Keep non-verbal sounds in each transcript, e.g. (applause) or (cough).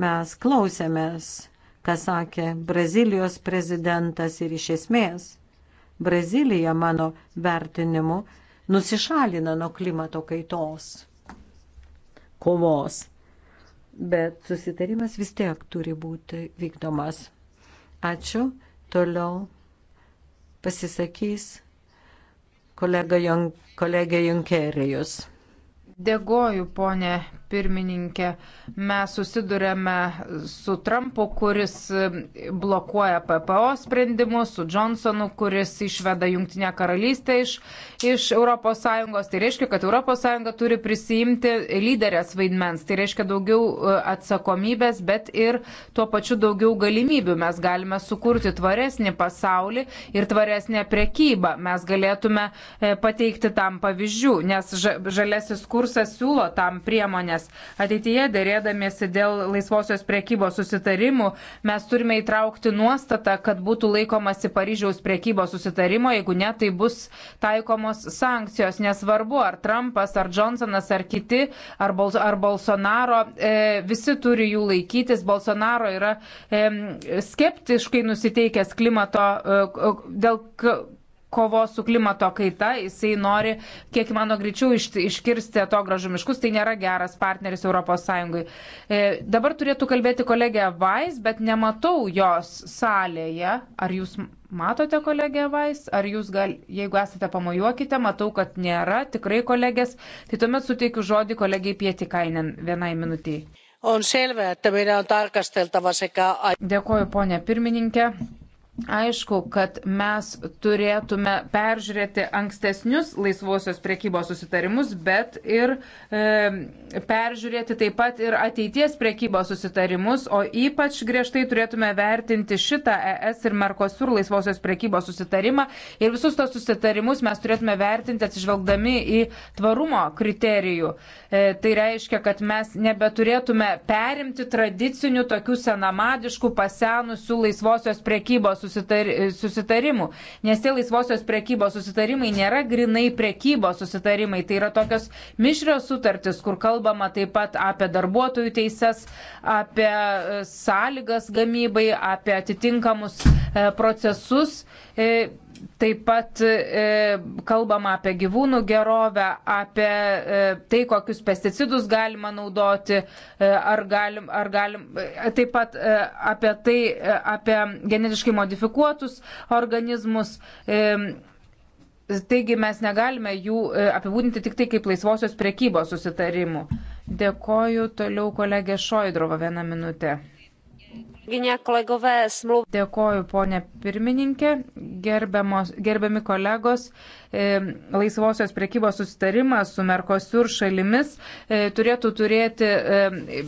Mes klausėmės, ką sakė Brazilijos prezidentas ir iš esmės Brazilija, mano vertinimu, nusišalina nuo klimato kaitos kovos. Bet susitarimas vis tiek turi būti vykdomas. Ačiū. Toliau pasisakys kolega Junk, kolegė Junkerijus. Dėkoju, ponė pirmininkė. Mes susidurėme su Trumpu, kuris blokuoja PPO sprendimus, su Johnsonu, kuris išveda Junktinę karalystę iš, iš ES. Tai reiškia, kad ES turi prisijimti lyderės vaidmens. Tai reiškia daugiau e, atsakomybės, bet ir tuo pačiu daugiau galimybių. Mes galime sukurti tvaresnį pasaulį ir tvaresnę prekybą. Mes galėtume e, pateikti tam pavyzdžių, nes žalesis kursas siūlo tam priemonės narės. Ateityje, dėrėdamiesi dėl laisvosios priekybos susitarimų, mes turime įtraukti nuostatą, kad būtų laikomasi Paryžiaus priekybos susitarimo, jeigu ne, tai bus taikomos sankcijos. Nesvarbu, ar Trumpas, ar Johnsonas, ar kiti, ar, Bol ar Bolsonaro, e, visi turi jų laikytis. Bolsonaro yra e, skeptiškai nusiteikęs klimato e, dėl kovos su klimato kaita, jisai nori kiek įmano greičiau iš, iškirsti to gražų miškus, tai nėra geras partneris ES. E, dabar turėtų kalbėti kolegė Vais, bet nematau jos salėje. Ar jūs matote kolegę Vais, ar jūs gal, jeigu esate pamojuokite, matau, kad nėra tikrai kolegės, tai tuomet suteikiu žodį kolegiai Pietikainen vienai minutiai. On selvää, että meidän on tarkasteltava sekä... Dėkoju, ponė pirmininkė Aišku, kad mes turėtume peržiūrėti ankstesnius laisvosios priekybos susitarimus, bet ir e, peržiūrėti taip pat ir ateities priekybos susitarimus, o ypač griežtai turėtume vertinti šitą ES ir Merkosur laisvosios priekybos susitarimą ir visus tos susitarimus mes turėtume vertinti atsižvelgdami į tvarumo kriterijų. E, tai reiškia, kad mes nebeturėtume perimti tradicinių tokių senamadiškų pasenusių laisvosios priekybos susitar, susitarimų, nes tie laisvosios prekybos susitarimai nėra grinai prekybos susitarimai, tai yra tokios mišrios sutartys, kur kalbama taip pat apie darbuotojų teises, apie e, sąlygas gamybai, apie atitinkamus e, procesus. E, taip pat e, kalbama apie gyvūnų gerovę, apie e, tai, kokius pesticidus galima naudoti, e, ar galim, ar galim, e, taip pat e, apie tai, e, apie genetiškai modifikuotus organizmus. E, taigi mes negalime jų e, apibūdinti tik tai kaip laisvosios prekybos susitarimų. Dėkoju toliau kolegė Šoidrova vieną minutę. Dėkoju, ponė pirmininkė, gerbiamos, gerbiami kolegos. E, laisvosios prekybos susitarimas su Merkosur šalimis e, turėtų turėti e,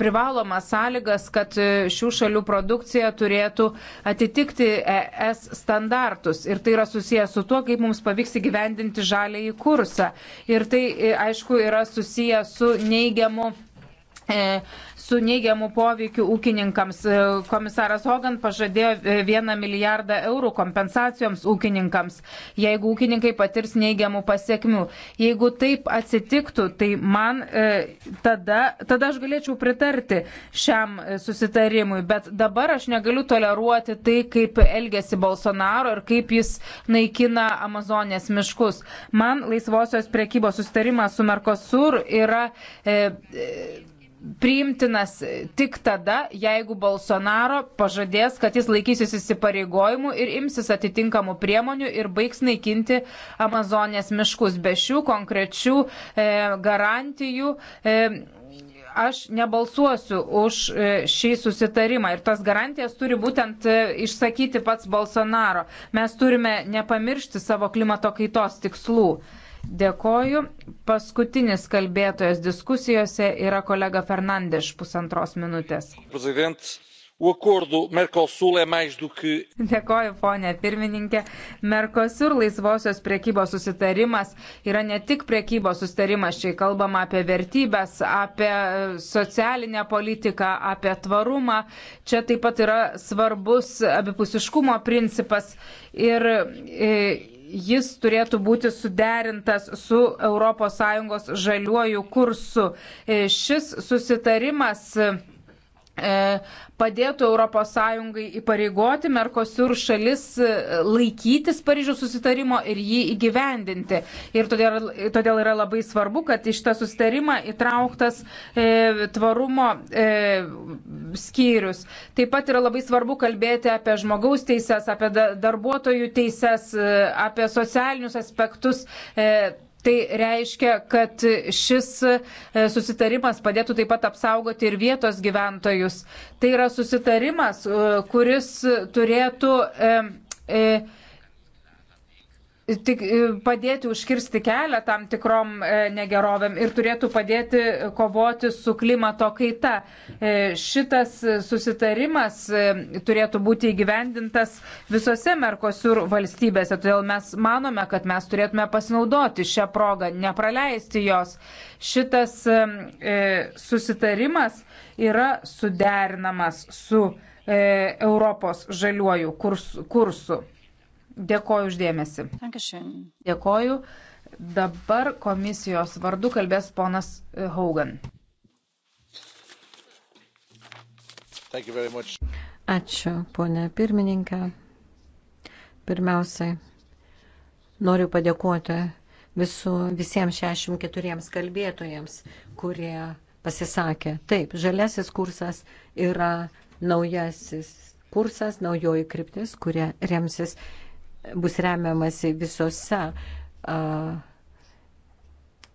privalomas sąlygas, kad šių šalių produkcija turėtų atitikti ES standartus. Ir tai yra susijęs su tuo, kaip mums pavyks įgyvendinti žalį į kursą. Ir tai, aišku, yra susijęs su neigiamu. E, su neigiamu poveikiu ūkininkams. E, komisaras Hogan pažadėjo 1 e, milijardą eurų kompensacijoms ūkininkams, jeigu ūkininkai patirs neigiamų pasiekmių. Jeigu taip atsitiktų, tai man e, tada, tada aš galėčiau pritarti šiam susitarimui, bet dabar aš negaliu toleruoti tai, kaip elgesi Bolsonaro ir kaip jis naikina Amazonės miškus. Man laisvosios priekybos susitarimas su Mercosur yra. E, e, priimtinas tik tada, jeigu Bolsonaro pažadės, kad jis laikysis įsipareigojimų ir imsis atitinkamų priemonių ir baigs naikinti Amazonės miškus. Be šių konkrečių e, garantijų. E, Aš nebalsuosiu už e, šį susitarimą ir tas garantijas turi būtent e, išsakyti pats Bolsonaro. Mes turime nepamiršti savo klimato kaitos tikslų. Dėkoju. Paskutinis kalbėtojas diskusijose yra kolega Fernandes, pusantros minutės. Dėkoju, ponė pirmininkė. Mercosur laisvosios priekybos susitarimas yra ne tik priekybos susitarimas, čia kalbama apie vertybės, apie socialinę politiką, apie tvarumą. Čia taip pat yra svarbus abipusiškumo principas. Ir, ir e, jis turėtų būti suderintas su ES žaliuoju kursu. E, šis susitarimas E, padėtų ES įpareigoti Merkosur šalis e, laikytis Paryžiaus susitarimo ir jį įgyvendinti. Ir todėl, todėl yra labai svarbu, kad iš tą susitarimą įtrauktas e, tvarumo e, skyrius. Taip pat yra labai svarbu kalbėti apie žmogaus teises, apie darbuotojų teises, e, apie socialinius aspektus. E, Tai reiškia, kad šis e, susitarimas padėtų taip pat apsaugoti ir vietos gyventojus. Tai yra susitarimas, e, kuris turėtų. E, e, tik e, padėti užkirsti kelią tam tikrom e, negerovėm ir turėtų padėti kovoti su klimato kaita. E, šitas susitarimas turėtų būti įgyvendintas visose Merkosur valstybėse, todėl mes manome, kad mes turėtume pasinaudoti šią progą, nepraleisti jos. Šitas susitarimas yra suderinamas su Europos žaliuoju kursu. Dėkoju uždėmesi. Dėkoju. Dabar komisijos vardu kalbės ponas e, Haugan. Ačiū, ponė pirmininkė. Pirmiausiai, noriu padėkoti visų, visiems 64 kalbėtojams, kurie pasisakė. Taip, žaliasis kursas yra naujasis kursas, naujoji kryptis, kurie remsis bus remiamasi visose uh,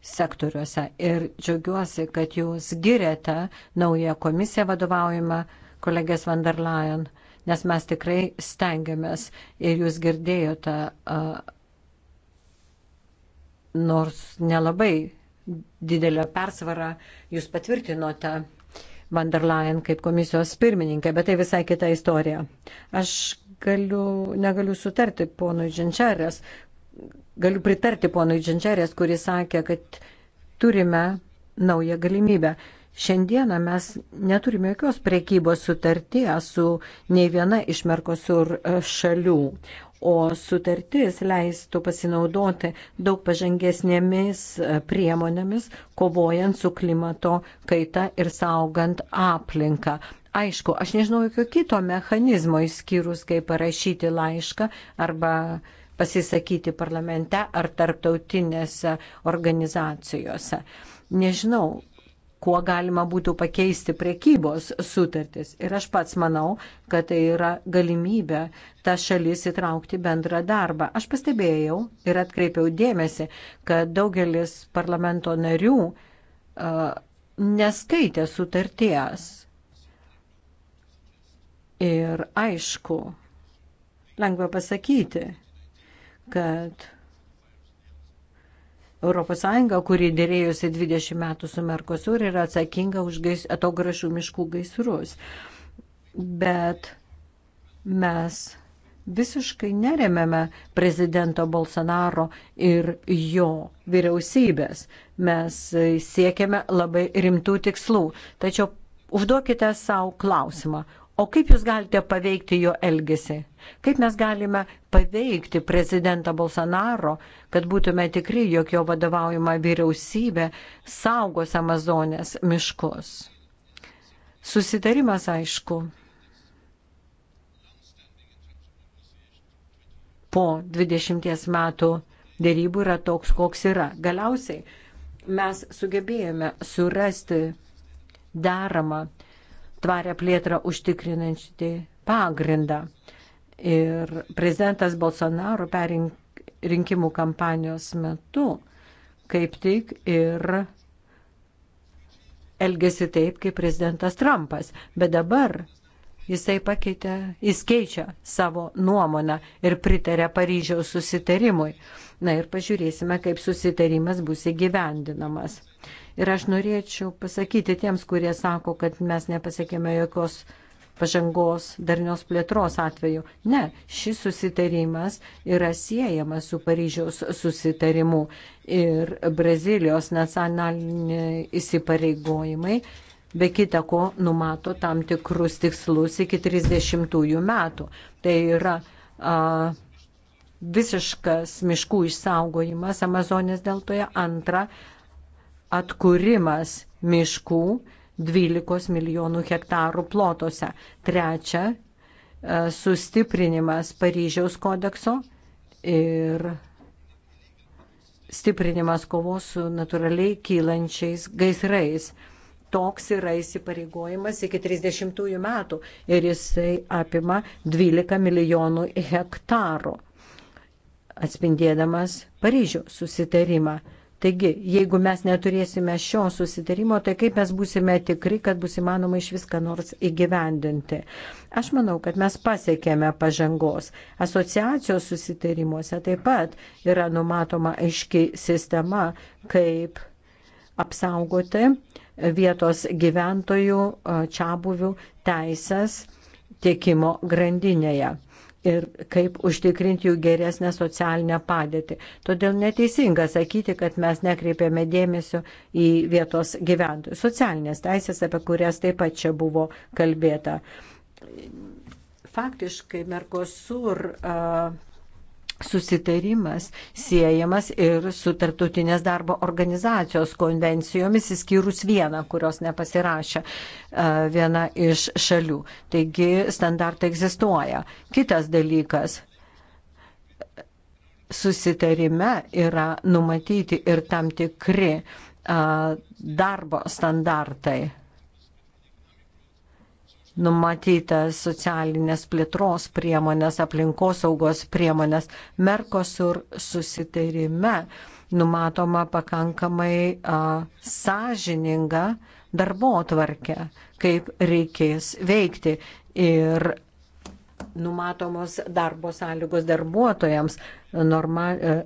sektoriuose. Ir džiaugiuosi, kad jūs girėte naują komisiją vadovaujimą kolegės van der Leyen, nes mes tikrai stengiamės ir jūs girdėjote, uh, nors nelabai didelio persvarą, jūs patvirtinote van der Leyen kaip komisijos pirmininkė, bet tai visai kita istorija. Aš galiu, negaliu sutarti ponui Dženčiarės, galiu pritarti ponui Dženčiarės, kuris sakė, kad turime naują galimybę. Šiandieną mes neturime jokios priekybos sutarties su nei viena iš Merkosur e, šalių, o sutartis leistų pasinaudoti daug pažangesnėmis e, priemonėmis, kovojant su klimato kaita ir saugant aplinką. Aišku, aš nežinau jokio kito mechanizmo išskyrus, kaip parašyti laišką arba pasisakyti parlamente ar tarptautinėse organizacijose. Nežinau, kuo galima būtų pakeisti priekybos sutartis. Ir aš pats manau, kad tai yra galimybė tą šalis įtraukti bendrą darbą. Aš pastebėjau ir atkreipiau dėmesį, kad daugelis parlamento narių uh, neskaitė sutarties. Ir aišku, lengva pasakyti, kad ES, kuri dėrėjosi 20 metų su Merkosur, yra atsakinga už gais, atograšų miškų gaisrus. Bet mes visiškai neremėme prezidento Bolsonaro ir jo vyriausybės. Mes siekiame labai rimtų tikslų. Tačiau užduokite savo klausimą, O kaip jūs galite paveikti jo elgesį? Kaip mes galime paveikti prezidentą Bolsonaro, kad būtume tikri, jog jo vadovaujama vyriausybė saugos Amazonės miškus? Susitarimas aišku. Po 20 metų dėrybų yra toks, koks yra. Galiausiai mes sugebėjome surasti deramą tvarę plėtrą užtikrinantį pagrindą. Ir prezidentas Bolsonaro perrinkimų kampanijos metu kaip tik ir elgesi taip, kaip prezidentas Trumpas. Bet dabar jisai pakeitė, jis keičia savo nuomonę ir pritarė Paryžiaus susitarimui. Na ir pažiūrėsime, kaip susitarimas bus įgyvendinamas. Ir aš norėčiau pasakyti tiems, kurie sako, kad mes nepasiekėme jokios pažangos darnios plėtros atveju. Ne, šis susitarimas yra siejamas su Paryžiaus susitarimu ir Brazilijos nacionaliniai įsipareigojimai be kita ko numato tam tikrus tikslus iki 30 metų. Tai yra a, visiškas miškų išsaugojimas Amazonės deltoje, antra atkūrimas miškų 12 milijonų hektarų plotose, trečia a, sustiprinimas Paryžiaus kodekso ir stiprinimas kovos su natūraliai kylančiais gaisrais. Toks yra įsipareigojimas iki 30 metų ir jisai apima 12 milijonų hektarų, atspindėdamas Paryžių susitarimą. Taigi, jeigu mes neturėsime šio susitarimo, tai kaip mes būsime tikri, kad bus įmanoma iš viską nors įgyvendinti? Aš manau, kad mes pasiekėme pažangos. Asociacijos susitarimuose taip pat yra numatoma aiški sistema, kaip apsaugoti vietos gyventojų, čia buvių teisės tiekimo grandinėje ir kaip užtikrinti jų geresnę socialinę padėtį. Todėl neteisinga sakyti, kad mes nekreipėme dėmesio į vietos gyventojų. Socialinės teisės, apie kurias taip pat čia buvo kalbėta. Faktiškai Merkosur susitarimas siejamas ir su tarptautinės darbo organizacijos konvencijomis, įskyrus vieną, kurios nepasirašė viena iš šalių. Taigi standartai egzistuoja. Kitas dalykas. Susitarime yra numatyti ir tam tikri darbo standartai numatytas socialinės plėtros priemonės, aplinkosaugos priemonės. Merkosur susitarime numatoma pakankamai a, sąžininga darbo tvarkė, kaip reikės veikti. Ir numatomos darbo sąlygos darbuotojams, norma, e,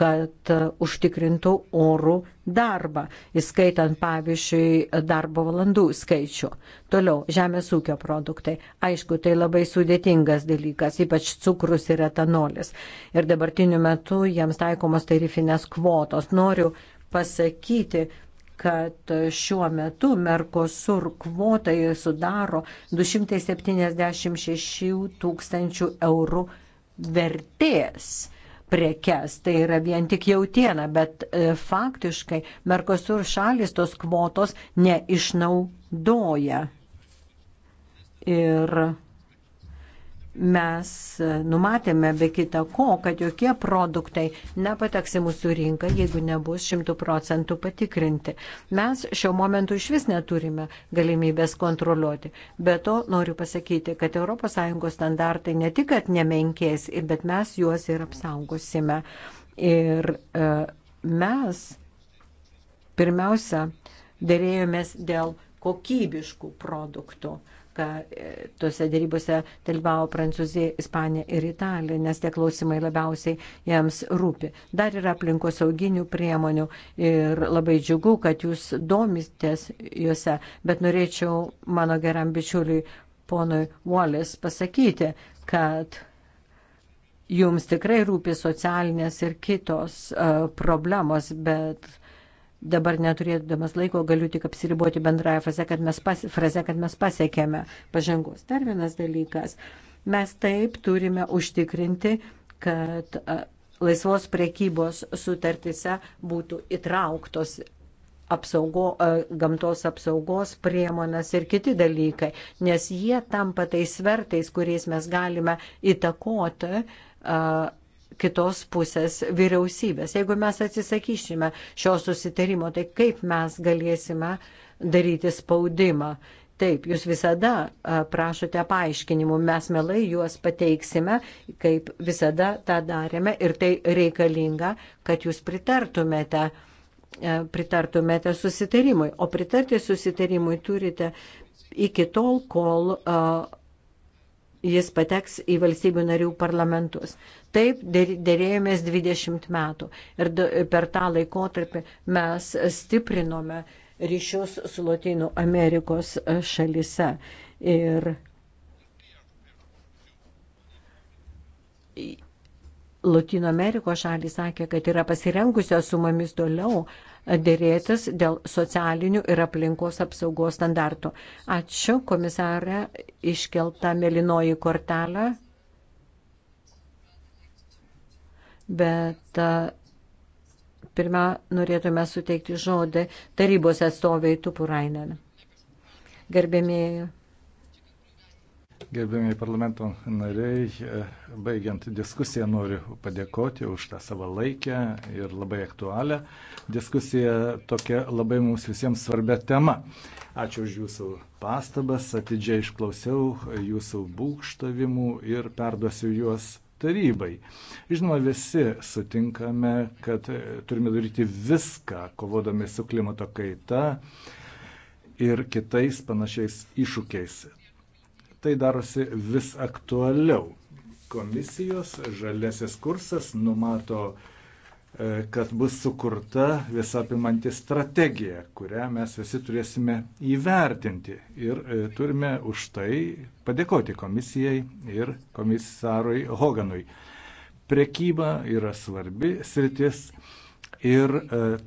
kad užtikrintų orų darbą, įskaitant pavyzdžiui darbo valandų skaičių. Toliau, žemės ūkio produktai. Aišku, tai labai sudėtingas dalykas, ypač cukrus ir etanolis. Ir dabartiniu metu jiems taikomos tarifinės kvotos. Noriu pasakyti, kad šiuo metu Mercosur kvotai sudaro 276 tūkstančių eurų vertės prekes, tai yra vien tik jautiena, bet e, faktiškai Mercosur šalis tos kvotos neišnaudoja. Ir mes e, numatėme be kita ko, kad jokie produktai nepateks į mūsų rinką, jeigu nebus šimtų procentų patikrinti. Mes šiuo momentu iš vis neturime galimybės kontroliuoti. Be to noriu pasakyti, kad ES standartai ne tik, kad nemenkės, bet mes juos ir apsaugosime. Ir e, mes pirmiausia dėrėjomės dėl kokybiškų produktų ką e, tose dėrybose dalyvavo Prancūzija, Ispanija ir Italija, nes tie klausimai labiausiai jiems rūpi. Dar yra aplinkosauginių priemonių ir labai džiugu, kad jūs domitės juose, bet norėčiau mano geram bičiuliui ponui Wallis pasakyti, kad jums tikrai rūpi socialinės ir kitos uh, problemos, bet uh, dabar neturėdamas laiko galiu tik apsiriboti bendrąją frazę, kad mes, pas, frazę, kad mes pasiekėme pažangos. Dar vienas dalykas. Mes taip turime užtikrinti, kad laisvos prekybos sutartise būtų įtrauktos apsaugo, gamtos apsaugos priemonės ir kiti dalykai, nes jie tampa tais svertais, kuriais mes galime įtakoti kitos pusės vyriausybės. Jeigu mes atsisakysime šio susitarimo, tai kaip mes galėsime daryti spaudimą? Taip, jūs visada prašote paaiškinimų, mes melai juos pateiksime, kaip visada tą darėme ir tai reikalinga, kad jūs pritartumėte, pritartumėte susitarimui. O pritarti susitarimui turite iki tol, kol jis pateks į valstybių narių parlamentus. Taip dėrėjomės 20 metų ir per tą laikotarpį mes stiprinome ryšius su Latinų Amerikos šalise. Ir Latino Amerikos šalys sakė, kad yra pasirengusios su mumis toliau dėrėtis dėl socialinių ir aplinkos apsaugos standartų. Ačiū komisarė iškeltą melinoji kortelę. bet pirmą norėtume suteikti žodį tarybos atstoviai Tupurainen. Gerbėmėjai. Gerbėmiai parlamento nariai, e, baigiant diskusiją noriu padėkoti už tą savalaikę ir labai aktualią diskusiją tokia labai mums visiems svarbia tema. Ačiū už jūsų pastabas, atidžiai išklausiau jūsų būkštavimų ir perduosiu juos tarybai. Žinoma, visi sutinkame, kad turime daryti viską, kovodami su klimato kaita ir kitais panašiais iššūkiais. Tai darosi vis aktualiau. Komisijos žalesis kursas numato E, kad bus sukurta visapimanti strategija, kurią mes visi turėsime įvertinti. Ir e, turime už tai padėkoti komisijai ir komisarui Hoganui. Prekyba yra svarbi sritis ir e,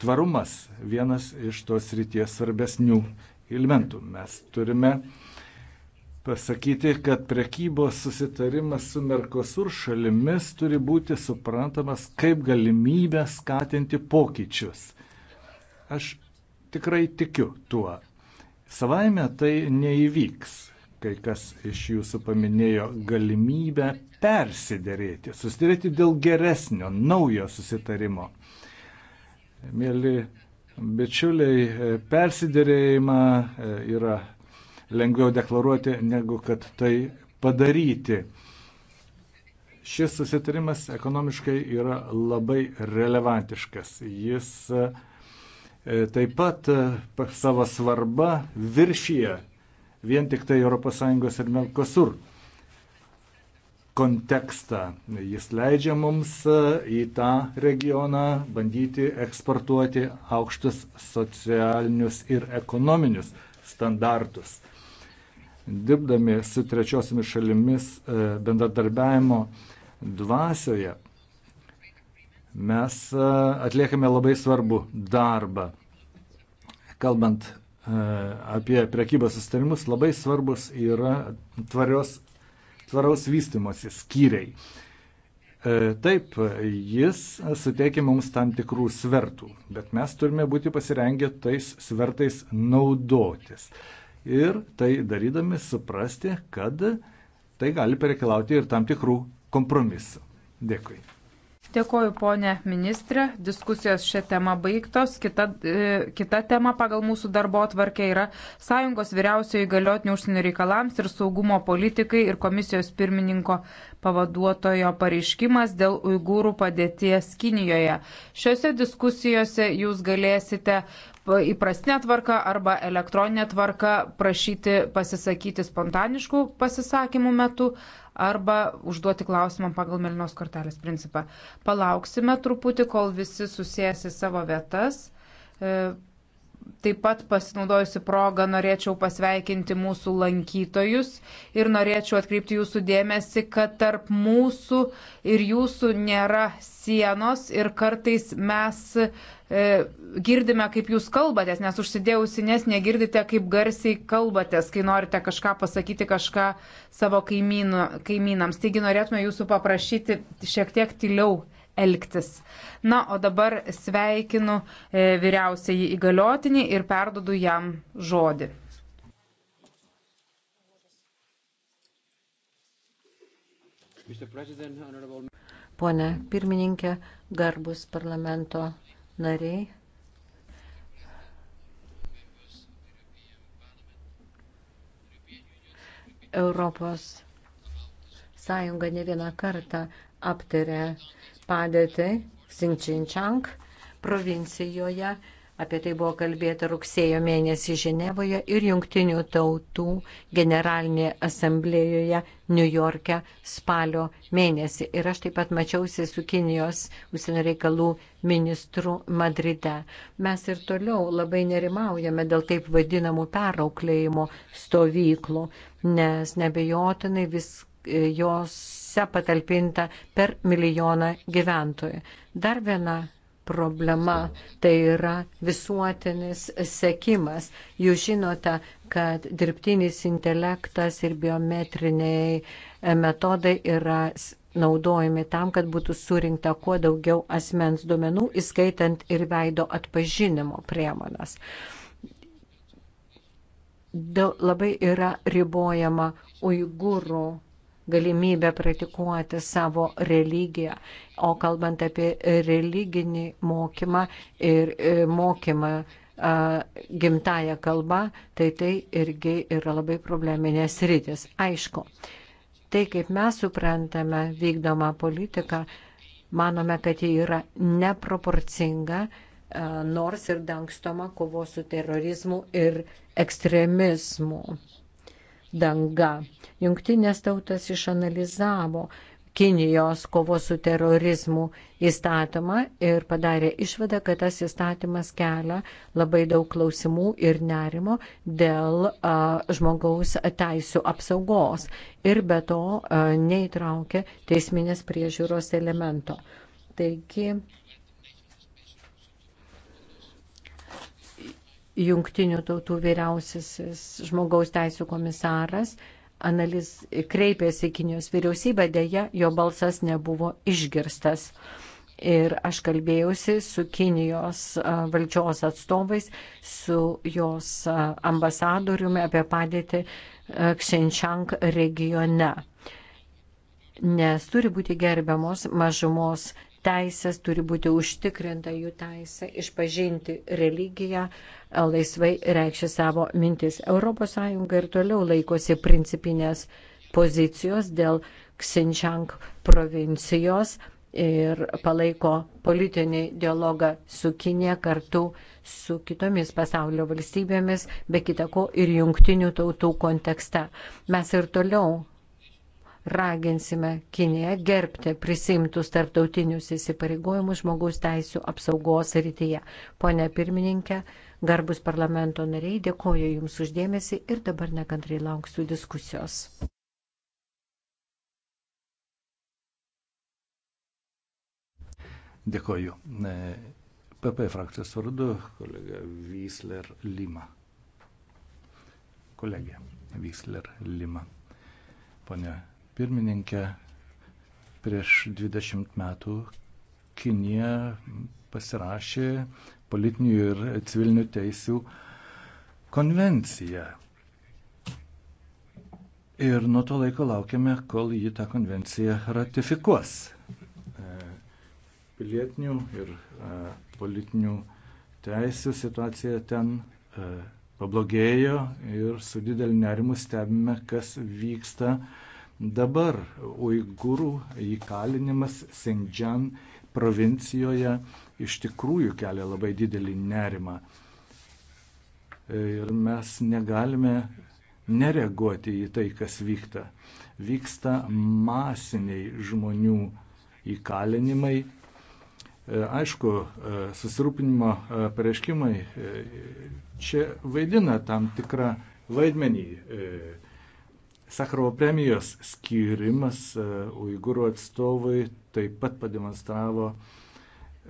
tvarumas vienas iš tos srities svarbesnių elementų. Mes turime uh, pasakyti, kad prekybos susitarimas su Merkosur šalimis turi būti suprantamas kaip galimybė skatinti pokyčius. Aš tikrai tikiu tuo. Savaime tai neįvyks. Kai kas iš jūsų paminėjo galimybę persiderėti, susidėrėti dėl geresnio, naujo susitarimo. Mėly bičiuliai, persiderėjimą e, yra lengviau deklaruoti, negu kad tai padaryti. Šis susitarimas ekonomiškai yra labai relevantiškas. Jis e, taip pat e, savo svarbą viršyje vien tik tai ES ir Melkosur kontekstą. Jis leidžia mums e, į tą regioną bandyti eksportuoti aukštus socialinius ir ekonominius standartus dirbdami su trečiosiomis šalimis e, bendradarbiavimo dvasioje, mes e, atliekame labai svarbu darbą. Kalbant e, apie prekybą sustarimus, labai svarbus yra tvarios, tvaraus vystimosi skyriai. Taip, jis suteikia mums tam tikrų svertų, bet mes turime būti pasirengę tais svertais naudotis ir tai darydami suprasti, kad tai gali pareikalauti ir tam tikrų kompromisų. Dėkui. Dėkoju, ponė ministrė. Diskusijos šią temą baigtos. Kita, e, kita tema pagal mūsų darbo atvarkė yra Sąjungos vyriausiojo įgaliotinių užsienio reikalams ir saugumo politikai ir komisijos pirmininko pavaduotojo pareiškimas dėl uigūrų padėties Kinijoje. Šiuose diskusijose jūs galėsite įprastinę tvarką arba elektroninę tvarką prašyti pasisakyti spontaniškų pasisakymų metu arba užduoti klausimą pagal melinos kortelės principą. Palauksime truputį, kol visi susijęs į savo vietas. E, Taip pat pasinaudojusi progą norėčiau pasveikinti mūsų lankytojus ir norėčiau atkreipti jūsų dėmesį, kad tarp mūsų ir jūsų nėra sienos ir kartais mes e, girdime, kaip jūs kalbatės, nes užsidėjusi nes negirdite, kaip garsiai kalbatės, kai norite kažką pasakyti kažką savo kaimynu, kaimynams. Taigi norėtume jūsų paprašyti šiek tiek tyliau elgtis. Na, o dabar sveikinu e, vyriausiai įgaliotinį ir perdodu jam žodį. Pone pirmininkė, garbus parlamento nariai. Europos Sąjunga ne vieną kartą aptarė padėtį Xinjiang provincijoje. Apie tai buvo kalbėta rugsėjo mėnesį Ženevoje ir Junktinių tautų generalinėje asamblėjoje New York'e spalio mėnesį. Ir aš taip pat mačiausi su Kinijos užsienio reikalų ministru Madride. Mes ir toliau labai nerimaujame dėl taip vadinamų perauklėjimo stovyklų, nes nebejotinai vis jose patalpinta per milijoną gyventojų. Dar viena problema tai yra visuotinis sekimas. Jūs žinote, kad dirbtinis intelektas ir biometriniai e, metodai yra naudojami tam, kad būtų surinkta kuo daugiau asmens duomenų, įskaitant ir veido atpažinimo priemonas. Daug, labai yra ribojama uigūrų galimybę praktikuoti savo religiją. O kalbant apie religinį mokymą ir e, mokymą gimtają kalbą, tai tai irgi yra labai probleminės rytis. Aišku, tai kaip mes suprantame vykdomą politiką, manome, kad ji yra neproporcinga nors ir dangstoma kovo su terorizmu ir ekstremizmu danga. Jungtinės tautas išanalizavo Kinijos kovos su terorizmu įstatymą ir padarė išvadą, kad tas įstatymas kelia labai daug klausimų ir nerimo dėl a, žmogaus teisų apsaugos ir be to a, neįtraukia teisminės priežiūros elemento. Taigi jungtinių tautų vyriausiasis žmogaus teisų komisaras analiz, kreipėsi Kinijos vyriausybę, dėja jo balsas nebuvo išgirstas. Ir aš kalbėjausi su Kinijos valdžios atstovais, su jos ambasadoriumi apie padėtį Xinjiang regione. Nes turi būti gerbiamos mažumos teisės, turi būti užtikrinta jų teisė išpažinti religiją, laisvai reikšti savo mintis. ES ir toliau laikosi principinės pozicijos dėl Xinjiang provincijos ir palaiko politinį dialogą su Kinė kartu su kitomis pasaulio valstybėmis, be kitako ir jungtinių tautų kontekste. Mes ir toliau raginsime Kiniją gerbti prisimtus tarptautinius įsipareigojimus žmogaus teisų apsaugos rytyje. Pone pirmininkė, garbus parlamento nariai, dėkoju Jums uždėmesi ir dabar nekantrai lauksiu diskusijos. Dėkoju. PP e, frakcijos vardu kolega Vysler Lima. Kolegė Vysler Lima. Pone pirmininkė, prieš 20 metų Kinija pasirašė politinių ir civilinių teisių konvenciją. Ir nuo to laiko laukiame, kol ji tą konvenciją ratifikuos. E, pilietinių ir e, politinių teisų situacija ten e, pablogėjo ir su dideliu nerimu stebime, kas vyksta uh, Dabar uigūrų įkalinimas Sengdžian provincijoje iš tikrųjų kelia labai didelį nerimą. Ir mes negalime nereaguoti į tai, kas vyksta. Vyksta masiniai žmonių įkalinimai. E, aišku, e, susirūpinimo e, pareiškimai čia vaidina tam tikrą vaidmenį Sakrovo premijos skyrimas e, Uigūrų atstovui taip pat pademonstravo,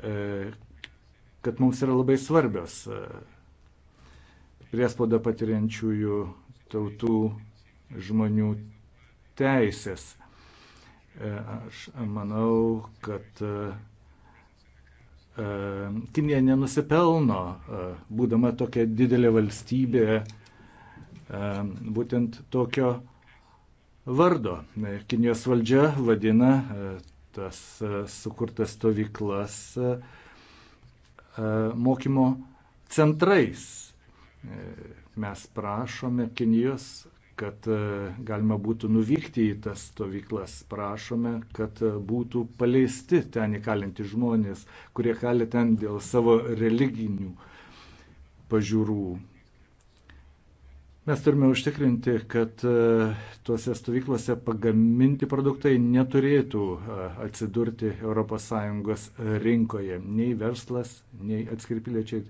e, kad mums yra labai svarbios e, priespaudą patiriančiųjų tautų žmonių teisės. Aš manau, kad Kinija nenusipelno, būdama tokia didelė valstybė, būtent tokio vardo. Kinijos valdžia vadina e, tas e, sukurtas stovyklas e, mokymo centrais. Mes prašome Kinijos, kad galima būtų nuvykti į tas stovyklas, prašome, kad būtų paleisti ten įkalinti žmonės, kurie kali ten dėl savo religinių pažiūrų. Mes turime užtikrinti, kad e, tuose stovyklose pagaminti produktai neturėtų e, atsidurti ES rinkoje. Nei verslas, nei atskirpiliečiai e,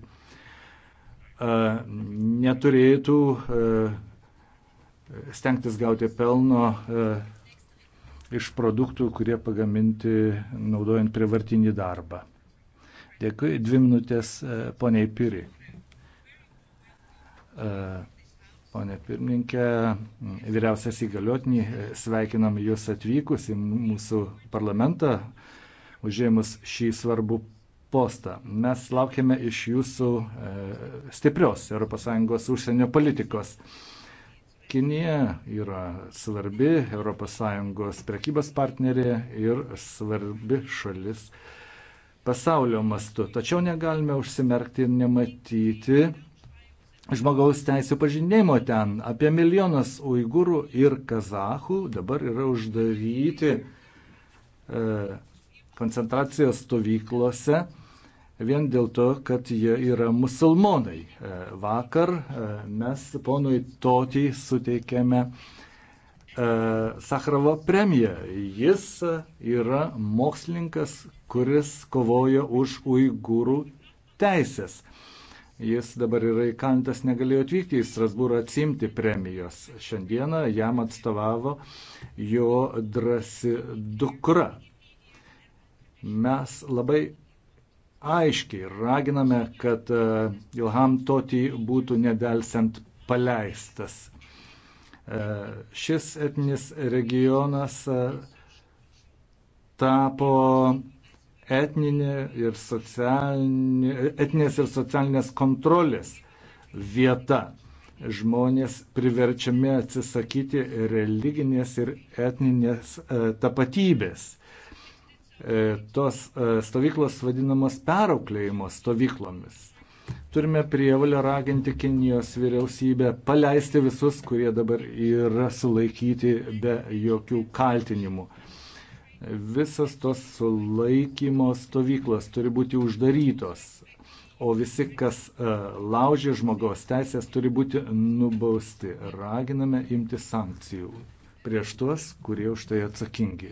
neturėtų stengtis gauti pelno iš produktų, kurie pagaminti naudojant privartinį darbą. Dėkui, dvi minutės poniai Piri. Uh, Pone pirmininkė, vyriausias įgaliotinį, e, sveikinam Jūs atvykus į mūsų parlamentą, užėmus šį svarbų postą. Mes laukiame iš Jūsų e, stiprios ES užsienio politikos. Kinija yra svarbi ES prekybos partnerė ir svarbi šalis pasaulio mastu. Tačiau negalime užsimerkti ir nematyti žmogaus teisų pažinimo ten. Apie milijonas uigūrų ir kazahų dabar yra uždaryti e, koncentracijos stovyklose vien dėl to, kad jie yra musulmonai. E, vakar e, mes ponui Totį suteikėme e, Sakrovo premiją. Jis yra mokslininkas, kuris kovoja už uigūrų teisės. Jis dabar yra įkantas, negalėjo atvykti į Strasbūrą atsimti premijos. Šiandieną jam atstovavo jo drasi dukra. Mes labai aiškiai raginame, kad e, Ilham Toti būtų nedelsiant paleistas. E, šis etnis regionas e, tapo etninė ir socialinė, etinės ir socialinės kontrolės vieta. Žmonės priverčiami atsisakyti religinės ir etninės e, tapatybės. E, tos e, stovyklos vadinamos perauklėjimo stovyklomis. Turime prievalę raginti Kinijos vyriausybę paleisti visus, kurie dabar yra sulaikyti be jokių kaltinimų visas tos sulaikymo stovyklos turi būti uždarytos, o visi, kas e, laužė žmogaus teisės, turi būti nubausti. Raginame imti sankcijų prieš tuos, kurie už tai atsakingi.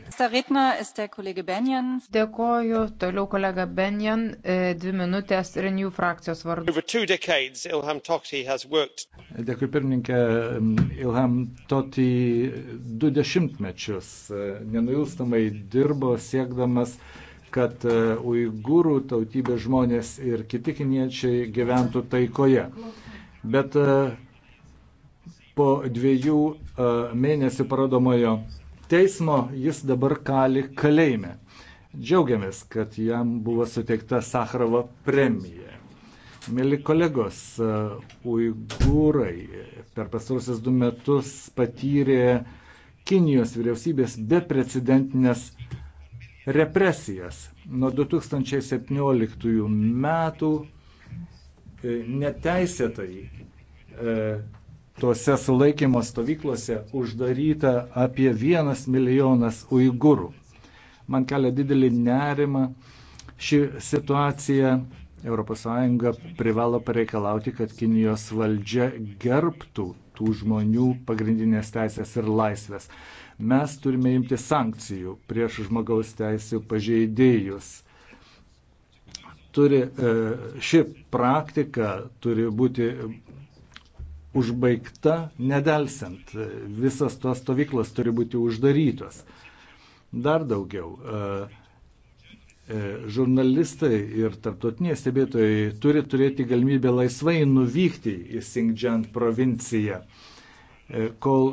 Dėkoju. Toliau kolega Benjan, e, dvi minutės Renew frakcijos vardu. Dėkui pirmininkė Ilham Toti du dešimtmečius e, nenuilstamai dirbo siekdamas kad e, uigūrų tautybės žmonės ir kiti kiniečiai gyventų taikoje. Bet po dviejų e, mėnesių parodomojo teismo jis dabar kali kalėjime. Džiaugiamės, kad jam buvo suteikta Sakrovo premija. Mėly kolegos, e, uigūrai per pastarusius du metus patyrė Kinijos vyriausybės beprecedentinės represijas. Nuo 2017 metų e, neteisėtai tuose sulaikymo stovyklose uždaryta apie vienas milijonas uigurų. Man kelia didelį nerimą ši situacija. ES privalo pareikalauti, kad Kinijos valdžia gerbtų tų žmonių pagrindinės teisės ir laisvės. Mes turime imti sankcijų prieš žmogaus teisų pažeidėjus turi, e, ši praktika turi būti užbaigta nedelsiant. Visas tos stovyklos turi būti uždarytos. Dar daugiau, e, e, žurnalistai ir tarptautiniai stebėtojai turi turėti galimybę laisvai nuvykti į Singdžiant provinciją. E, kol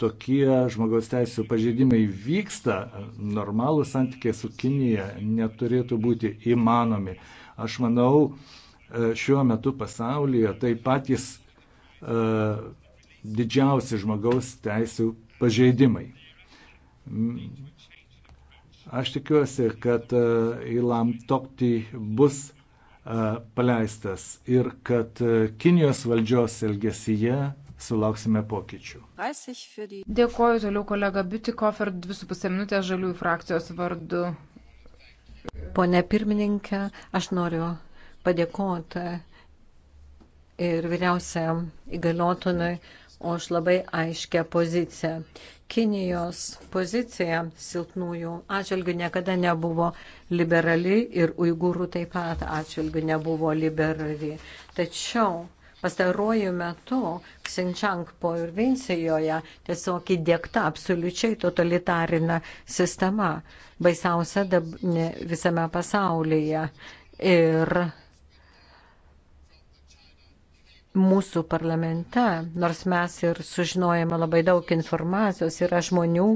tokie žmogaus teisų pažeidimai vyksta, normalų santykiai su Kinija neturėtų būti įmanomi. Aš manau, šiuo metu pasaulyje tai patys E, didžiausi žmogaus teisų pažeidimai. Aš tikiuosi, kad Ilam e, Tokti bus e, paleistas ir kad Kinijos valdžios elgesyje sulauksime pokyčių. Dėkuoju toliau kolega Bitikofer, 2,5 minutės žaliųjų frakcijos vardu. Pone pirmininkė, aš noriu padėkoti ir vyriausiam įgaliotonui už labai aiškę poziciją. Kinijos pozicija silpnųjų atžvilgių niekada nebuvo liberali ir uigūrų taip pat atžvilgių nebuvo liberali. Tačiau pastaruoju metu Xinjiang provincijoje tiesiog įdėkta absoliučiai totalitarina sistema, baisiausia dab, ne, visame pasaulyje. Ir mūsų parlamente, nors mes ir sužinojame labai daug informacijos, yra žmonių,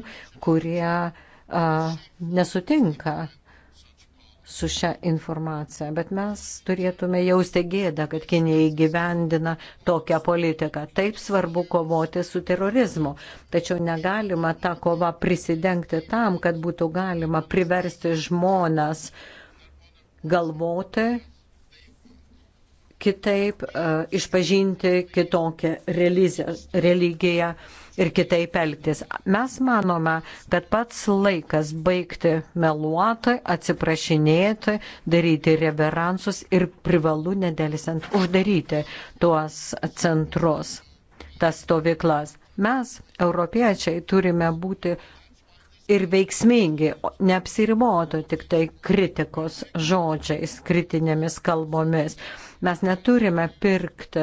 kurie a, nesutinka su šią informaciją, bet mes turėtume jausti gėdą, kad Kinija įgyvendina tokią politiką. Taip svarbu kovoti su terorizmu, tačiau negalima tą kovą prisidengti tam, kad būtų galima priversti žmonas galvoti kitaip e, išpažinti kitokią religiją ir kitaip elgtis. Mes manome, kad pats laikas baigti meluoti, atsiprašinėti, daryti reveransus ir privalu nedėlisant uždaryti tuos centrus, tas stovyklas. Mes, europiečiai, turime būti ir veiksmingi, neapsiriboto tik tai kritikos žodžiais, kritinėmis kalbomis. Mes neturime pirkti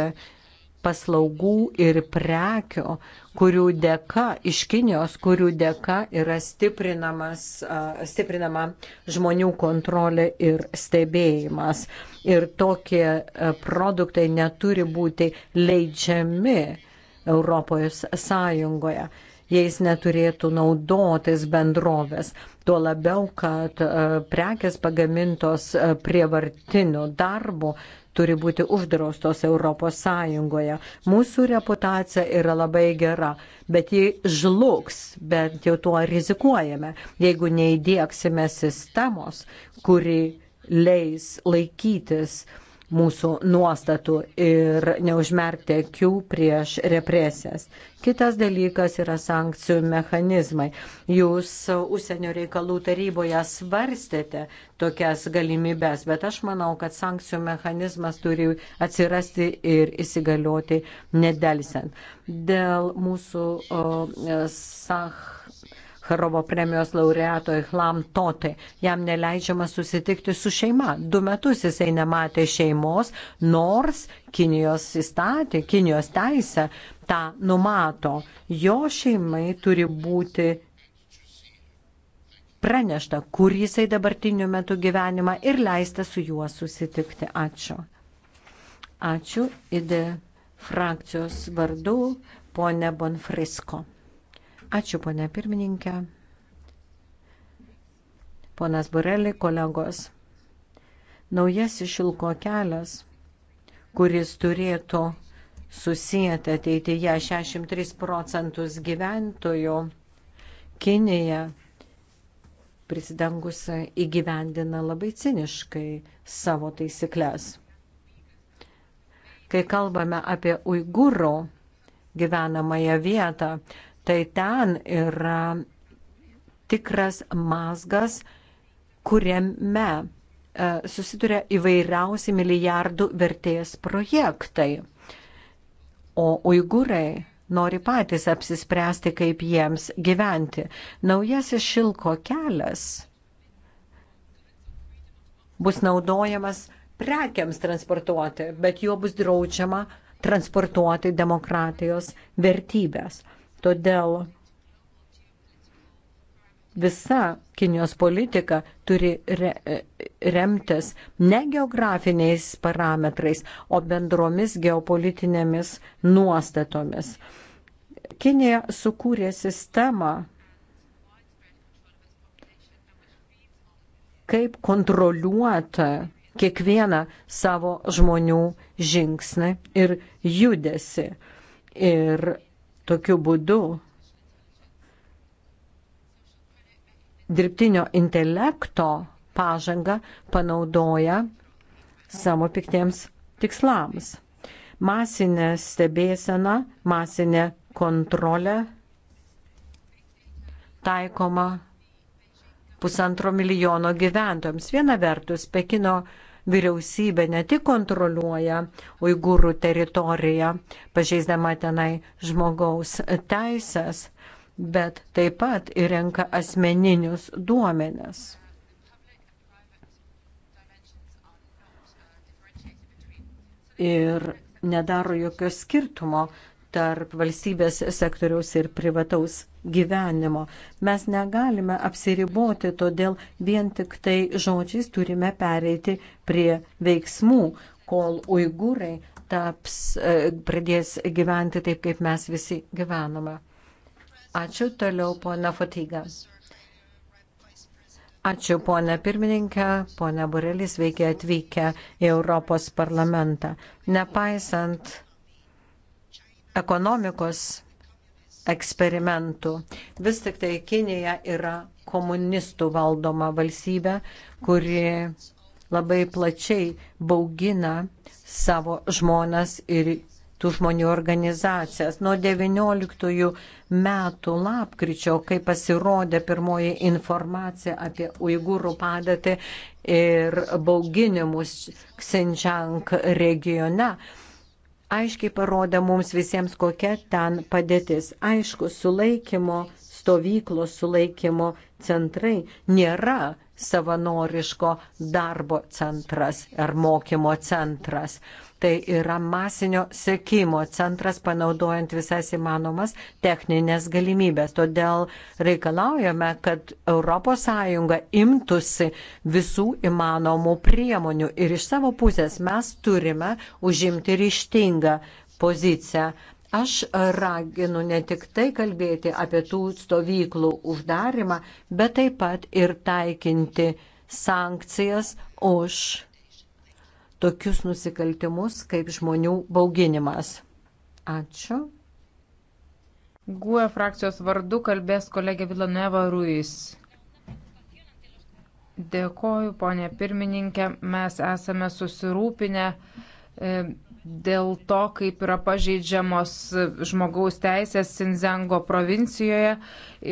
paslaugų ir prekių, kurių dėka iš Kinijos, kurių dėka yra stiprinama žmonių kontrolė ir stebėjimas. Ir tokie produktai neturi būti leidžiami Europos Sąjungoje jais neturėtų naudotis bendrovės. Tuo labiau, kad prekes pagamintos prievartiniu darbu turi būti uždraustos Europos Sąjungoje. Mūsų reputacija yra labai gera, bet ji žlugs, bent jau tuo rizikuojame, jeigu neįdėksime sistemos, kuri leis laikytis uh, mūsų nuostatų ir neužmerkti akių prieš represijas. Kitas dalykas yra sankcijų mechanizmai. Jūs užsienio reikalų taryboje svarstėte tokias galimybės, bet aš manau, kad sankcijų mechanizmas turi atsirasti ir įsigalioti nedelsiant. Dėl mūsų o, sach Harovo premijos laureato Ihlam Totai. Jam neleidžiama susitikti su šeima. Du metus jisai nematė šeimos, nors Kinijos įstatė, Kinijos teisė tą numato. Jo šeimai turi būti pranešta, kur jisai dabartiniu metu gyvenimą ir leista su juo susitikti. Ačiū. Ačiū. Ide frakcijos vardu ponė Bonfrisko. Ačiū, ponia pirmininkė. Ponas Burelį, kolegos. Naujasis šilko kelias, kuris turėtų susijęti ateityje 63 procentus gyventojų, Kinėje prisidengusi įgyvendina labai ciniškai savo taisyklės. Kai kalbame apie uigūrų gyvenamąją vietą, tai ten yra tikras mazgas, kuriame e, susiduria įvairiausi milijardų vertės projektai. O uigūrai nori patys apsispręsti, kaip jiems gyventi. Naujasis šilko kelias bus naudojamas prekiams transportuoti, bet juo bus draudžiama transportuoti demokratijos vertybės. Todėl visa Kinijos politika turi re, remtis ne geografiniais parametrais, o bendromis geopolitinėmis nuostatomis. Kinija sukūrė sistemą, kaip kontroliuoti kiekvieną savo žmonių žingsnį ir judesi. Ir Tokiu būdu dirbtinio intelekto pažangą panaudoja savo piktiems tikslams. Masinė stebėsena, masinė kontrolė taikoma pusantro milijono gyventojams. Viena vertus, Pekino vyriausybė ne tik kontroliuoja Uigūrų teritoriją, pažeisdama tenai žmogaus teisės, bet taip pat įrenka asmeninius duomenis. Ir nedaro jokio skirtumo tarp valstybės sektoriaus ir privataus gyvenimo. Mes negalime apsiriboti, todėl vien tik tai žodžiais turime pereiti prie veiksmų, kol uigūrai taps, e, pradės gyventi taip, kaip mes visi gyvename. Ačiū toliau, pona Fatiga. Ačiū, ponė pirmininkė, ponė Burelis, veikia atvykę į Europos parlamentą. Nepaisant ekonomikos eksperimentų. Vis tik tai Kinija yra komunistų valdoma valstybė, kuri labai plačiai baugina savo žmonas ir tų žmonių organizacijas. Nuo 19 metų lapkričio, kai pasirodė pirmoji informacija apie uigūrų padėtį ir bauginimus Xinjiang regione, aiškiai parodė mums visiems, kokia ten padėtis. Aišku, sulaikymo stovyklos, sulaikymo centrai nėra savanoriško darbo centras ar mokymo centras. Tai yra masinio sekimo centras, panaudojant visas įmanomas techninės galimybės. Todėl reikalaujame, kad ES imtųsi visų įmanomų priemonių ir iš savo pusės mes turime užimti ryštingą poziciją. Aš raginu ne tik tai kalbėti apie tų stovyklų uždarimą, bet taip pat ir taikinti sankcijas už tokius nusikaltimus kaip žmonių bauginimas. Ačiū. GUE frakcijos vardu kalbės kolegė Vilaneva Ruiz. Dėkoju, ponė pirmininkė, mes esame susirūpinę e, dėl to, kaip yra pažeidžiamos žmogaus teisės Sinzengo provincijoje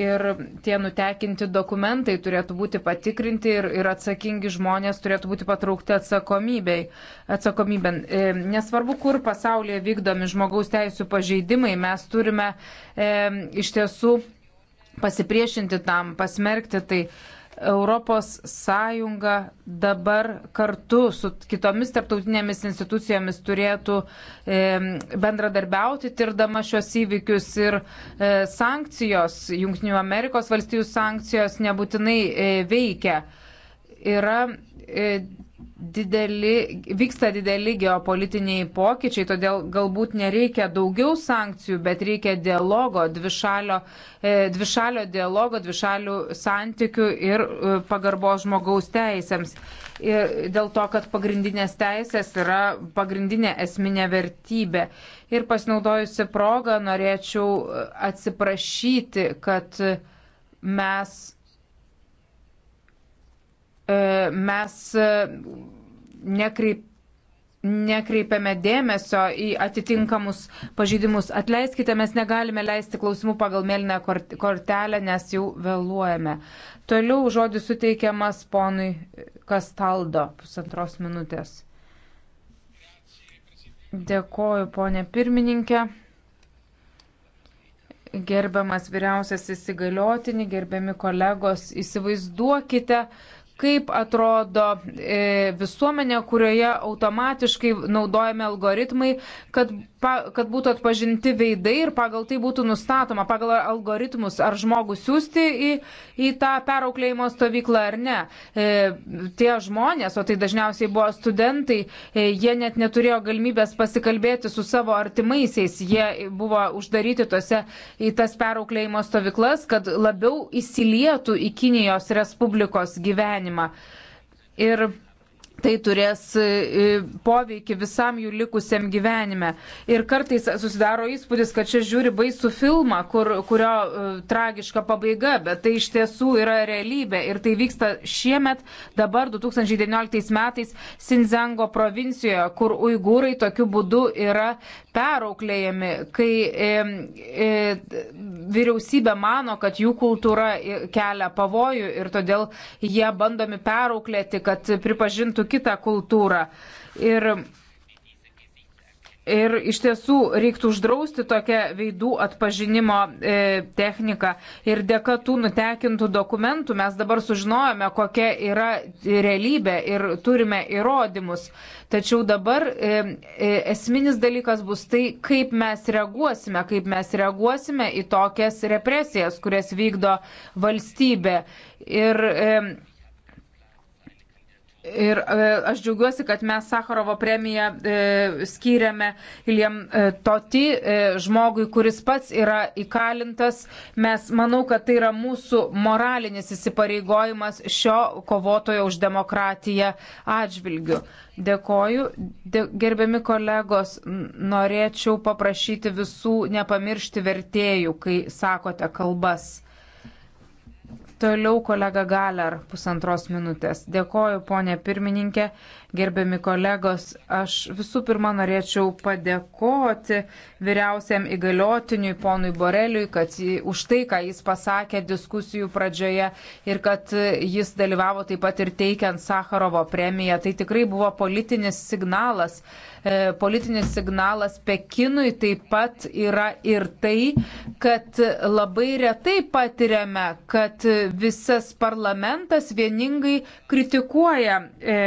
ir tie nutekinti dokumentai turėtų būti patikrinti ir, ir atsakingi žmonės turėtų būti patraukti atsakomybei. atsakomybėn. E, nesvarbu, kur pasaulyje vykdomi žmogaus teisų pažeidimai, mes turime e, iš tiesų pasipriešinti tam, pasmerkti tai. Europos Sąjunga dabar kartu su kitomis tarptautinėmis institucijomis turėtų e, bendradarbiauti, tirdama šios įvykius ir e, sankcijos, Junktinių Amerikos valstybių sankcijos nebūtinai e, veikia. Yra e, dideli, vyksta dideli geopolitiniai pokyčiai, todėl galbūt nereikia daugiau sankcijų, bet reikia dialogo, dvišalio, e, dvišalio dialogo, dvišalių santykių ir e, pagarbos žmogaus teisėms. Ir e, dėl to, kad pagrindinės teisės yra pagrindinė esminė vertybė. Ir pasinaudojusi progą norėčiau atsiprašyti, kad mes E, mes e, nekreip, nekreipiame dėmesio į atitinkamus pažydimus. Atleiskite, mes negalime leisti klausimų pagal mėlyną kortelę, nes jau vėluojame. Toliau žodis suteikiamas ponui Kastaldo pusantros minutės. Dėkoju, ponė pirmininkė. Gerbiamas vyriausias įsigaliotinį, gerbiami kolegos, įsivaizduokite, uh, kaip atrodo e, visuomenė, kurioje automatiškai naudojami algoritmai, kad pa, kad būtų atpažinti veidai ir pagal tai būtų nustatoma, pagal algoritmus, ar žmogų siūsti į, į tą perauklėjimo stovyklą ar ne. E, tie žmonės, o tai dažniausiai buvo studentai, e, jie net neturėjo galimybės pasikalbėti su savo artimaisiais, jie buvo uždaryti tose, į tas perauklėjimo stovyklas, kad labiau įsilietų į Kinijos Respublikos gyvenimą. Ir tai turės e, e, poveikį visam jų likusiam gyvenime. Ir kartais susidaro įspūdis, kad čia žiūri baisų filmą, kur, kurio e, tragiška pabaiga, bet tai iš tiesų yra realybė. Ir tai vyksta šiemet, dabar 2019 metais Sinzengo provincijoje, kur uigūrai tokiu būdu yra perauklėjami, kai e, e, vyriausybė mano, kad jų kultūra kelia pavojų ir todėl jie bandomi perauklėti, kad pripažintų kitą kultūrą. Ir Ir iš tiesų reiktų uždrausti tokią veidų atpažinimo e, techniką. Ir dėka tų nutekintų dokumentų mes dabar sužinojome, kokia yra realybė ir turime įrodymus. Tačiau dabar e, e, esminis dalykas bus tai, kaip mes reaguosime, kaip mes reaguosime į tokias represijas, kurias vykdo valstybė. Ir, e, Ir e, aš džiaugiuosi, kad mes Sakarovo premiją e, skyrėme Iliem e, Toti, e, žmogui, kuris pats yra įkalintas. Mes manau, kad tai yra mūsų moralinis įsipareigojimas šio kovotojo už demokratiją atžvilgiu. Dėkoju. De, gerbiami kolegos, norėčiau paprašyti visų nepamiršti vertėjų, kai sakote kalbas. Toliau kolega Galer pusantros minutės. Dėkoju, ponė pirmininkė gerbiami kolegos. Aš visų pirma norėčiau padėkoti vyriausiam įgaliotiniui ponui Boreliui, kad jį, už tai, ką jis pasakė diskusijų pradžioje ir kad jis dalyvavo taip pat ir teikiant Sakarovo premiją. Tai tikrai buvo politinis signalas. E, politinis signalas Pekinui taip pat yra ir tai, kad labai retai patiriame, kad visas parlamentas vieningai kritikuoja e,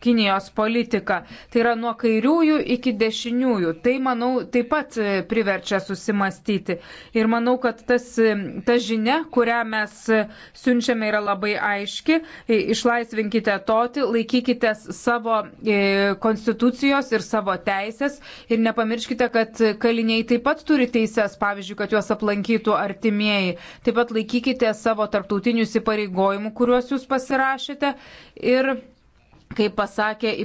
Kinijos politiką. Tai yra nuo kairiųjų iki dešiniųjų. Tai, manau, taip pat e, priverčia susimastyti. Ir manau, kad tas, e, ta žinia, kurią mes e, siunčiame, yra labai aiški. Išlaisvinkite toti, laikykite savo konstitucijos ir savo teisės. Ir nepamirškite, kad kaliniai taip pat turi teises, pavyzdžiui, kad juos aplankytų artimieji. Taip pat laikykite savo tarptautinius įpareigojimus įsipareigojimų, kuriuos jūs pasirašėte. Ir kaip pasakė e,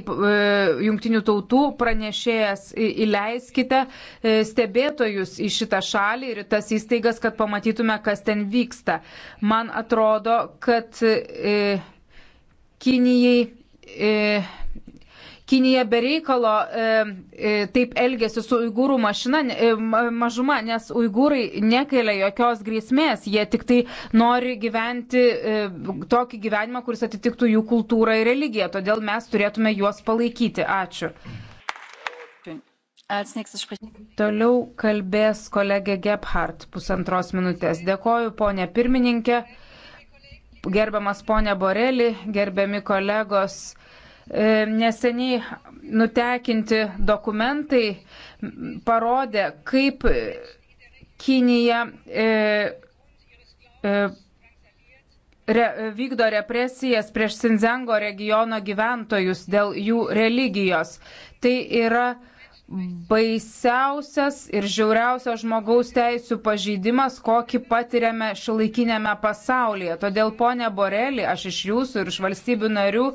jungtinių tautų pranešėjas, įleiskite e, stebėtojus į šitą šalį ir tas įstaigas, kad pamatytume, kas ten vyksta. Man atrodo, kad e, Kinijai Kinija bereikalo e, e, taip elgesi su uigūrų mašina, e, mažuma, nes uigūrai nekelia jokios grėsmės, jie tik tai nori gyventi e, tokį gyvenimą, kuris atitiktų jų kultūrą ir religiją, todėl mes turėtume juos palaikyti. Ačiū. Toliau kalbės kolegė Gebhardt pusantros minutės. Dėkoju, ponė pirmininkė, gerbiamas ponė Borelį, gerbiami kolegos. E, neseniai nutekinti dokumentai parodė, kaip Kinija e, e, re, vykdo represijas prieš Sinzengo regiono gyventojus dėl jų religijos. Tai yra e, baisiausias ir žiauriausias žmogaus teisų pažeidimas, kokį patiriame šilaikinėme pasaulyje. Todėl, ponė Borelį, aš iš jūsų ir iš valstybių narių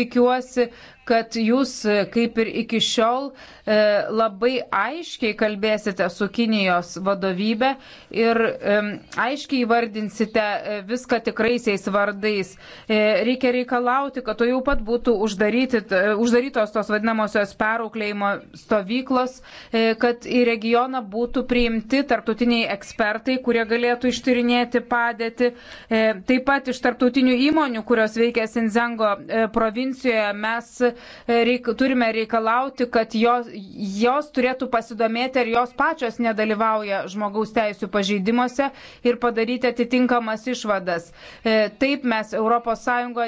tikiuosi, kad jūs, kaip ir iki šiol, uh, E, labai aiškiai kalbėsite su Kinijos vadovybė ir e, aiškiai įvardinsite e, viską tikraisiais vardais. Reikia reikalauti, kad to jau pat būtų uždaryti, uždarytos tos vadinamosios perauklėjimo stovyklos, kad į regioną būtų priimti tarptautiniai ekspertai, kurie galėtų ištyrinėti padėtį. Taip pat iš tarptautinių įmonių, kurios veikia Sinzengo provincijoje, mes reik, turime reikalauti, kad jos jos turėtų pasidomėti, ar jos pačios nedalyvauja žmogaus teisų pažeidimuose ir padaryti atitinkamas išvadas. E, taip mes ES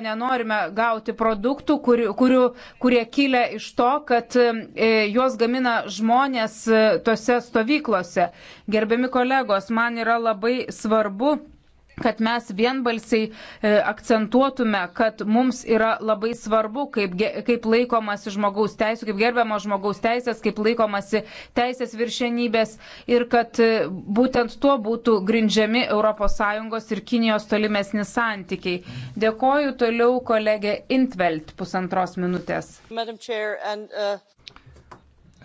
nenorime gauti produktų, kur, kurių, kurie kilia iš to, kad e, juos gamina žmonės e, tose stovyklose. Gerbiami kolegos, man yra labai svarbu, kad mes vienbalsiai e, akcentuotume, kad mums yra labai svarbu, kaip, kaip laikomasi žmogaus teisų, kaip gerbiama žmogaus teisės, kaip laikomasi teisės viršenybės ir kad e, būtent tuo būtų grindžiami ES ir Kinijos tolimesni santykiai. Dėkoju toliau kolegė Intvelt pusantros minutės.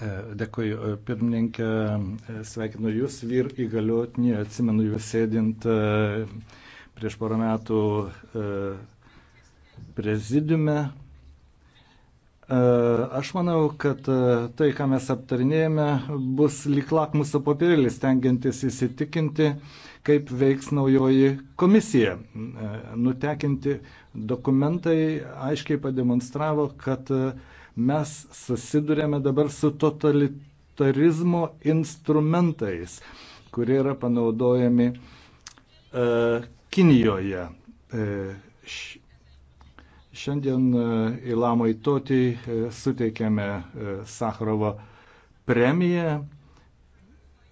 E, dėkui, e, pirmininkė, e, sveikinu Jūs, vyr įgaliotinį, atsimenu Jūs sėdint prieš porą metų prezidiume. Aš manau, kad tai, ką mes aptarinėjame, bus liklak mūsų papirėlis, tengiantis įsitikinti, kaip veiks naujoji komisija. Nutekinti dokumentai aiškiai pademonstravo, kad uh, Mes susidurėme dabar su totalitarizmo instrumentais, kurie yra panaudojami e, Kinijoje. E, š, šiandien e, Ilamai Toti e, suteikėme e, Sakrovo premiją.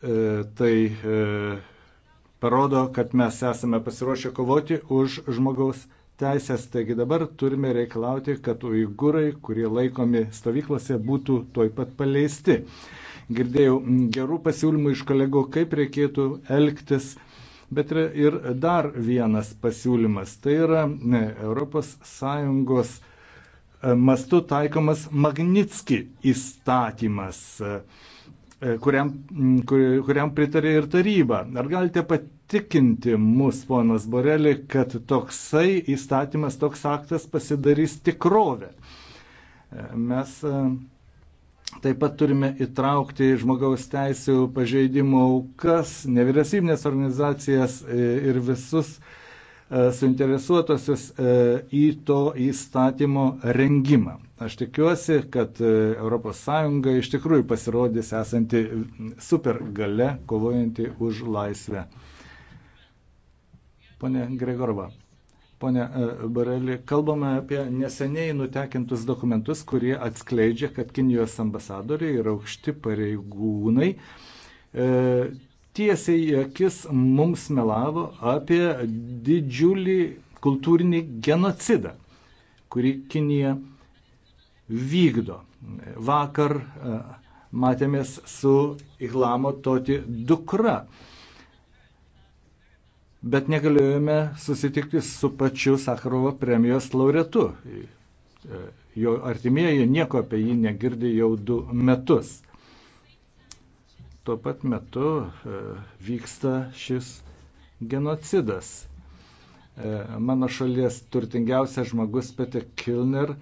E, tai e, parodo, kad mes esame pasiruošę kovoti už žmogaus teisės. Taigi dabar turime reikalauti, kad uigūrai, kurie laikomi stovyklose, būtų toj pat paleisti. Girdėjau gerų pasiūlymų iš kolegų, kaip reikėtų elgtis. Bet yra ir dar vienas pasiūlymas. Tai yra ne, ES e, mastu taikomas Magnitski įstatymas e, kuriam, kur, kuriam pritarė ir taryba. Ar galite pat, įtikinti mus, ponas Borelį, kad toksai įstatymas, toks aktas pasidarys tikrovę. E, mes e, taip pat turime įtraukti žmogaus teisų pažeidimo aukas, nevyriausybinės organizacijas e, ir visus suinteresuotosius į to įstatymo rengimą. Aš tikiuosi, kad ES iš tikrųjų pasirodys esanti supergale, kovojanti už laisvę Pone Gregorva, pone e, Bareli, kalbame apie neseniai nutekintus dokumentus, kurie atskleidžia, kad Kinijos ambasadoriai ir aukšti pareigūnai e, tiesiai į akis mums melavo apie didžiulį kultūrinį genocidą, kurį Kinija vykdo. Vakar e, matėmės su Islamo toti dukra bet negalėjome susitikti su pačiu Sakarovo premijos laureatu. Jo artimieji nieko apie jį negirdė jau du metus. Tuo pat metu e, vyksta šis genocidas. E, mano šalies turtingiausias žmogus Peter Kilner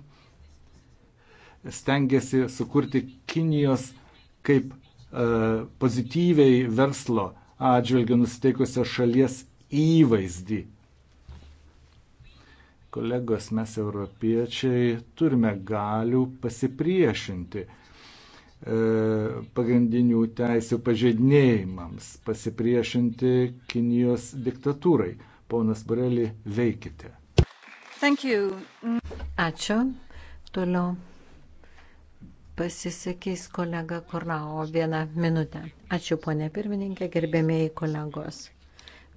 stengiasi sukurti Kinijos kaip e, pozityviai verslo atžvilgių nusiteikusios šalies įvaizdį. Kolegos, mes europiečiai turime galių pasipriešinti e, pagrindinių teisų pažeidinėjimams, pasipriešinti Kinijos diktatūrai. Ponas Borelį, veikite. Ačiū. Toliau pasisakys kolega Kornao vieną minutę. Ačiū, ponė pirmininkė, gerbėmėjai kolegos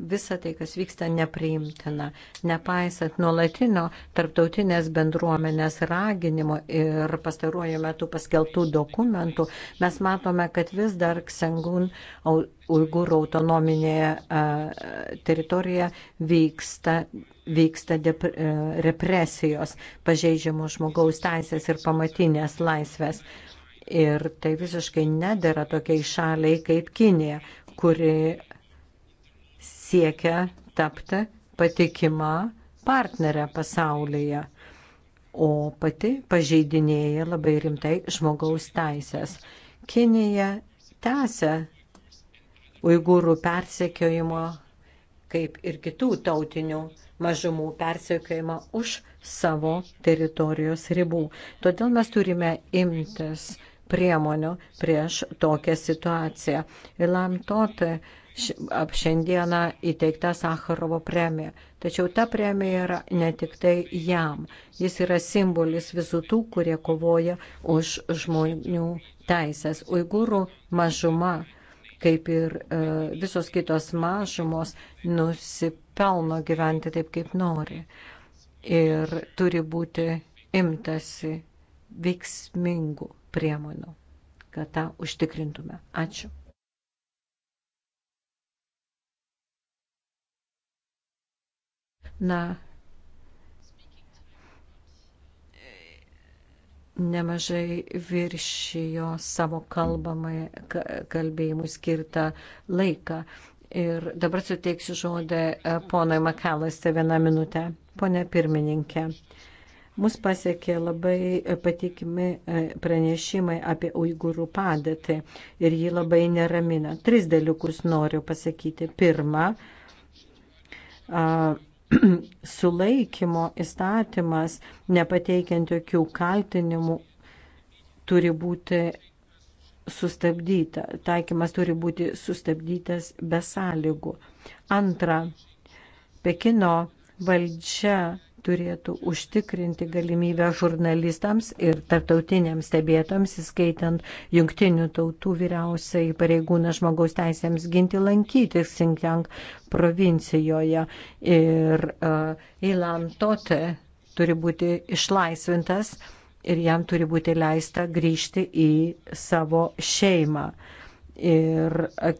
visa tai, kas vyksta, nepriimtina, nepaisant nuolatinio tarptautinės bendruomenės raginimo ir pastaruoju metu paskeltų dokumentų, mes matome, kad vis dar Ksengun Uigūrų autonominėje teritorijoje vyksta, vyksta dep, e, represijos, pažeidžiamos žmogaus teisės ir pamatinės laisvės. Ir tai visiškai nedėra tokiai šaliai kaip Kinija, kuri siekia tapti patikima partnerė pasaulyje, o pati pažeidinėja labai rimtai žmogaus teisės. Kinija tęsia uigūrų persekiojimo, kaip ir kitų tautinių mažumų persekiojimą už savo teritorijos ribų. Todėl mes turime imtis priemonių prieš tokią situaciją. Ilam Tote šiandieną įteikta Sakarovo premija. Tačiau ta premija yra ne tik tai jam. Jis yra simbolis visų tų, kurie kovoja už žmonių teisės. Uigūrų mažuma, kaip ir e, visos kitos mažumos, nusipelno gyventi taip, kaip nori. Ir turi būti imtasi veiksmingų priemonių, kad tą užtikrintume. Ačiū. na, nemažai viršijo savo kalbamai, kalbėjimui skirtą laiką. Ir dabar suteiksiu žodį e, ponui Makalastė vieną minutę. Pone pirmininkė, mus pasiekė labai patikimi e, pranešimai apie uigūrų padėtį ir jį labai neramina. Tris dalykus noriu pasakyti. Pirma, a, (clears throat) sulaikymo įstatymas, nepateikiant jokių kaltinimų, turi būti sustabdyta, taikymas turi būti sustabdytas be sąlygų. Antra, Pekino valdžia turėtų užtikrinti galimybę žurnalistams ir tarptautiniams stebėtams, įskaitant jungtinių tautų vyriausiai pareigūną žmogaus teisėms ginti, lankytis Sinkiang provincijoje. Ir uh, Ilan Tote turi būti išlaisvintas ir jam turi būti leista grįžti į savo šeimą. Uh, Ir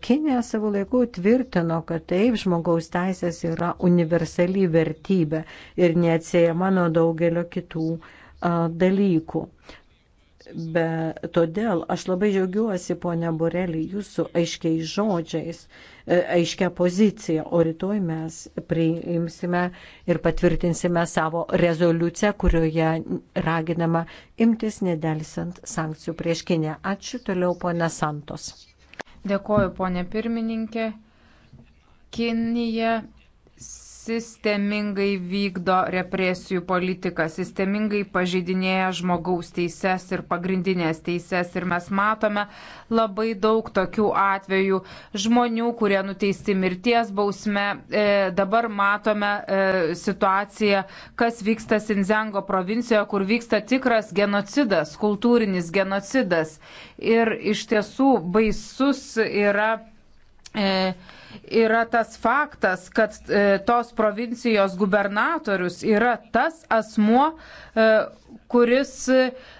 Kinė savo laiku tvirtino, kad taip, žmogaus teisės yra universaliai vertybė ir neatsiejama nuo daugelio kitų a, dalykų. Be todėl aš labai džiaugiuosi, ponia Borelį, jūsų aiškiais žodžiais, e, aiškia pozicija, o rytoj mes priimsime ir patvirtinsime savo rezoliuciją, kurioje raginama imtis nedelsant sankcijų prieš Kinę. Ačiū toliau, ponia Santos. Dėkoju, ponė pirmininkė. Kinija sistemingai vykdo represijų politiką, sistemingai pažeidinėja žmogaus teises ir pagrindinės teises. Ir mes matome labai daug tokių atvejų žmonių, kurie nuteisti mirties bausme. E, dabar matome e, situaciją, kas vyksta Sinzengo provincijoje, kur vyksta tikras genocidas, kultūrinis genocidas. Ir iš tiesų baisus yra E, yra tas faktas, kad e, tos provincijos gubernatorius yra tas asmuo, e, kuris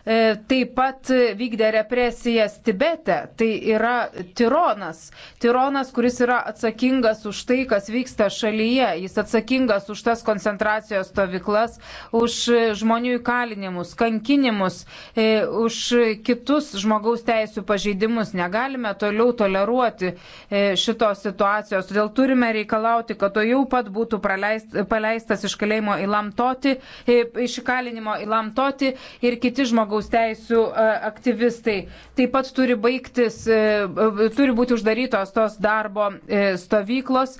E, taip pat vykdė represijas Tibete. Tai yra tironas. Tironas, kuris yra atsakingas už tai, kas vyksta šalyje. Jis atsakingas už tas koncentracijos stovyklas, už žmonių įkalinimus, kankinimus, e, už kitus žmogaus teisų pažeidimus. Negalime toliau toleruoti e, šitos situacijos. Todėl turime reikalauti, kad to jau pat būtų praleist, paleistas iš kalėjimo į Lamtoti, iš įkalinimo į Lamtoti ir kiti žmogaus žmogaus teisų e, aktyvistai. Taip pat turi baigtis, e, e, turi būti uždarytos tos darbo stovyklos.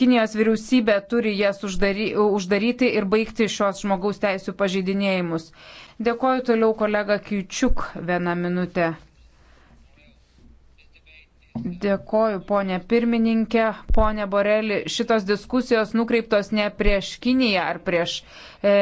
Kinijos vyriausybė turi jas uždary, uždaryti ir baigti šios žmogaus teisų pažeidinėjimus. Dėkoju toliau kolega Kyčiuk vieną minutę. Dėkoju, ponė pirmininkė, ponė Borelį. Šitos diskusijos nukreiptos ne prieš Kiniją ar prieš e,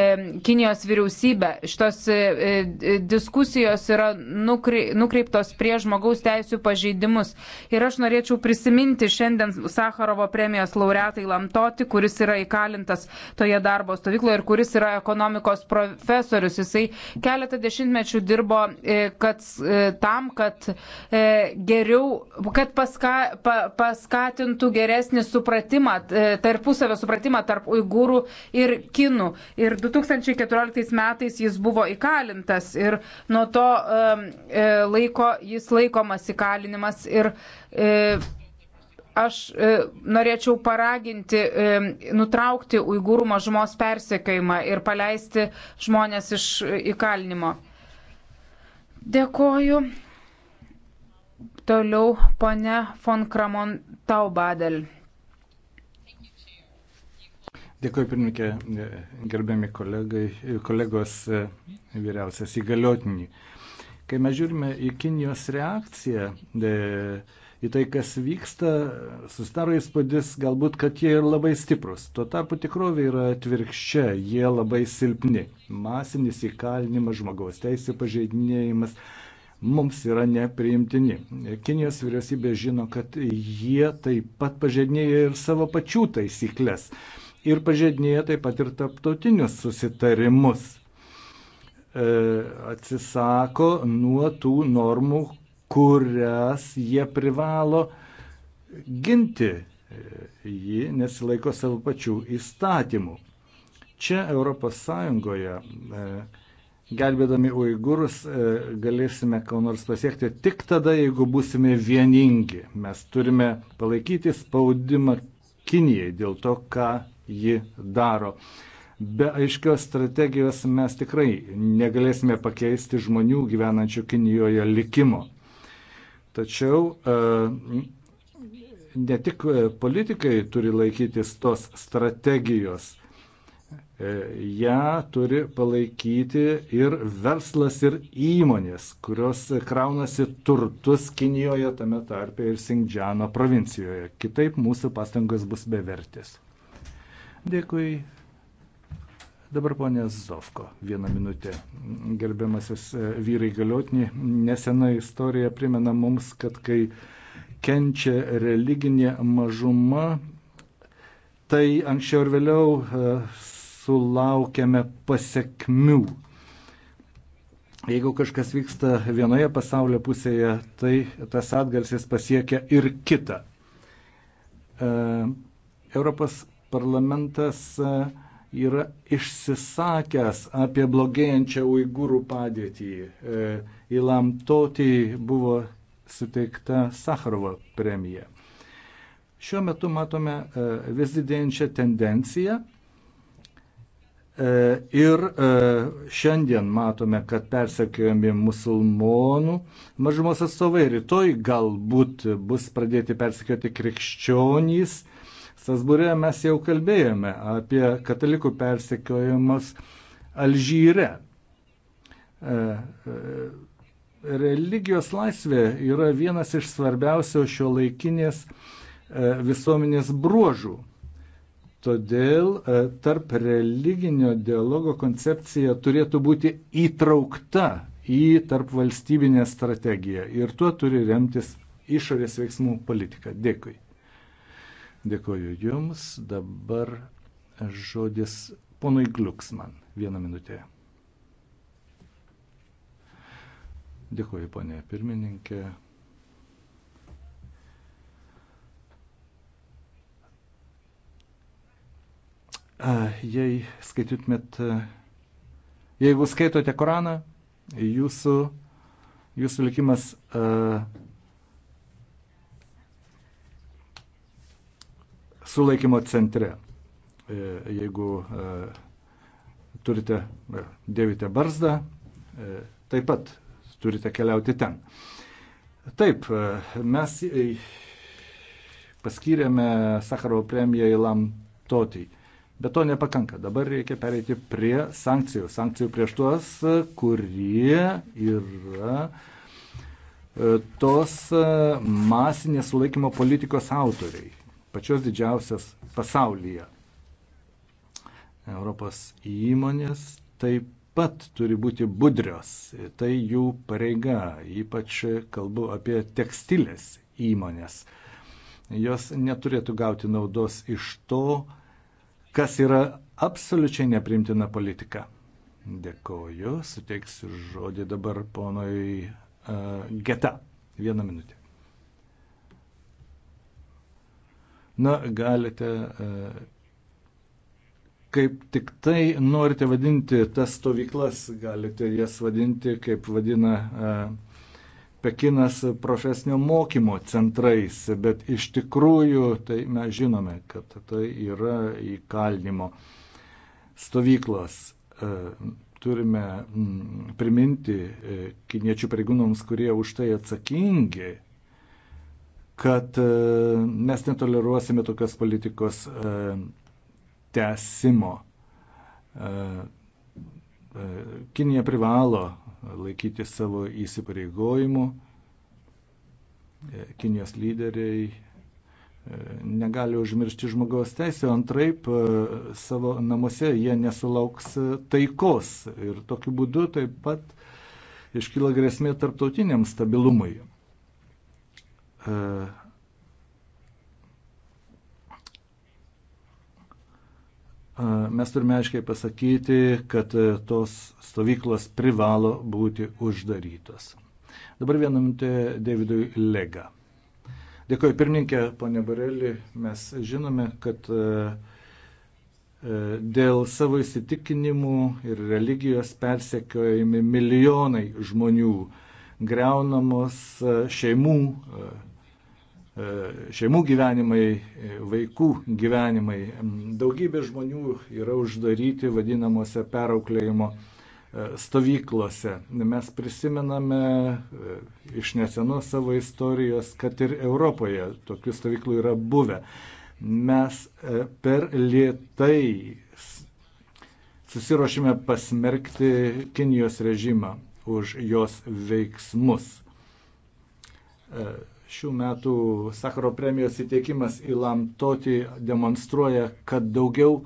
Kinijos vyriausybę. Šitos e, e, diskusijos yra nukre, nukreiptos prieš žmogaus teisų pažeidimus. Ir aš norėčiau prisiminti šiandien Sakarovo premijos laureatai Lamtoti, kuris yra įkalintas toje darbo stovykloje ir kuris yra ekonomikos profesorius. Jisai keletą dešimtmečių dirbo e, kad, e, tam, kad e, geriau, kad kad paska, pa, paskatintų geresnį supratimą, e, tarpusavio supratimą tarp uigūrų ir kinų. Ir 2014 metais jis buvo įkalintas ir nuo to e, laiko jis laikomas įkalinimas. Ir, e, aš e, norėčiau paraginti, e, nutraukti uigūrų mažumos persekiojimą ir paleisti žmonės iš e, įkalinimo. Dėkoju. Toliau ponia von Kramon Taubadel. Dėkuoju, pirmininkė, gerbiami kolegai, kolegos vyriausias įgaliotinį. Kai mes žiūrime į Kinijos reakciją, de, į tai, kas vyksta, susidaro įspūdis galbūt, kad jie ir labai stiprus. Tuo tarpu tikrovė yra atvirkščia, jie labai silpni. Masinis įkalinimas, žmogaus teisė pažeidinėjimas, mums yra nepriimtini. Kinijos vyriausybė žino, kad jie taip pat pažeidinėja ir savo pačių taisyklės ir pažeidinėja taip pat ir taptautinius susitarimus. E, atsisako nuo tų normų, kurias jie privalo ginti. E, ji nesilaiko savo pačių įstatymų. Čia ES e, gelbėdami uigurus e, galėsime ką nors pasiekti tik tada, jeigu būsime vieningi. Mes turime palaikyti spaudimą Kinijai dėl to, ką ji daro. Be aiškios strategijos mes tikrai negalėsime pakeisti žmonių gyvenančių Kinijoje likimo. Tačiau e, ne tik e, politikai turi laikytis tos strategijos, E, ją turi palaikyti ir verslas, ir įmonės, kurios kraunasi turtus Kinijoje, tame tarpe ir Singdžiano provincijoje. Kitaip mūsų pastangos bus bevertės. Dėkui. Dabar ponė Zovko, vieną minutę. Gerbiamasis e, vyrai galiotinį, nesena istorija primena mums, kad kai kenčia religinė mažuma, tai anksčiau ir vėliau e, sulaukėme pasiekmių. Jeigu kažkas vyksta vienoje pasaulio pusėje, tai tas atgalsis pasiekia ir kitą. E, Europos parlamentas e, yra išsisakęs apie blogėjančią uigūrų padėtį. E, Ilam Toti buvo suteikta Sakarovo premija. Šiuo metu matome vis didėjančią tendenciją E, ir e, šiandien matome, kad persekiojami musulmonų mažumos atstovai, rytoj galbūt bus pradėti persekioti krikščionys. Sasbūrė mes jau kalbėjome apie katalikų persekiojimas Alžyre. E, religijos laisvė yra vienas iš svarbiausių šio laikinės visuomenės bruožų. Todėl e, tarp religinio dialogo koncepcija turėtų būti įtraukta į tarp valstybinę strategiją ir tuo turi remtis išorės veiksmų politika. Dėkui. Dėkuoju Jums. Dabar žodis ponui Gliuksman. Vieną minutę. Dėkuoju, ponė pirmininkė. Jei skaitytumėt, jeigu skaitote Koraną, jūsų, jūsų likimas uh, sulaikymo centre. E, jeigu uh, turite, e, dėvite barzdą, e, taip pat turite keliauti ten. Taip, mes paskyrėme Sakarovo premiją Ilam Totijai. Bet to nepakanka. Dabar reikia pereiti prie sankcijų. Sankcijų prieš tuos, kurie yra e, tos e, masinės sulaikymo politikos autoriai. Pačios didžiausias pasaulyje. Europos įmonės taip pat turi būti budrios. Tai jų pareiga. Ypač kalbu apie tekstilės įmonės. Jos neturėtų gauti naudos iš to, kas yra absoliučiai neprimtina politika. Dėkoju, suteiksiu žodį dabar ponui uh, Geta. Vieną minutę. Na, galite uh, kaip tik tai norite vadinti tas stovyklas, galite jas vadinti, kaip vadina uh, Pekinas profesinio mokymo centrais, bet iš tikrųjų tai mes žinome, kad tai yra įkalinimo stovyklos. E, turime mm, priminti e, kiniečių pareigūnams, kurie už tai atsakingi, kad e, mes netoleruosime tokios politikos tęsimo. Kinija privalo laikyti savo įsipareigojimų. E, Kinijos lyderiai e, negali užmiršti žmogaus teisų, antraip e, savo namuose jie nesulauks taikos ir tokiu būdu taip pat iškyla grėsmė tarptautiniam stabilumui. mes turime aiškiai pasakyti, kad e, tos stovyklos privalo būti uždarytos. Dabar vieną minutę Davidui Lega. Dėkoju pirmininkė, ponė Barelį, mes žinome, kad e, e, dėl savo įsitikinimų ir religijos persekiojami milijonai žmonių, greunamos šeimų, E, šeimų gyvenimai, e, vaikų gyvenimai. Mm, daugybė žmonių yra uždaryti vadinamuose perauklėjimo e, stovyklose. Mes prisimename iš nesenos savo istorijos, kad ir Europoje tokių stovyklų yra buvę. Mes per lietai susirošime pasmerkti Kinijos režimą už jos veiksmus šių metų Sakaro premijos įteikimas Ilam Toti demonstruoja, kad daugiau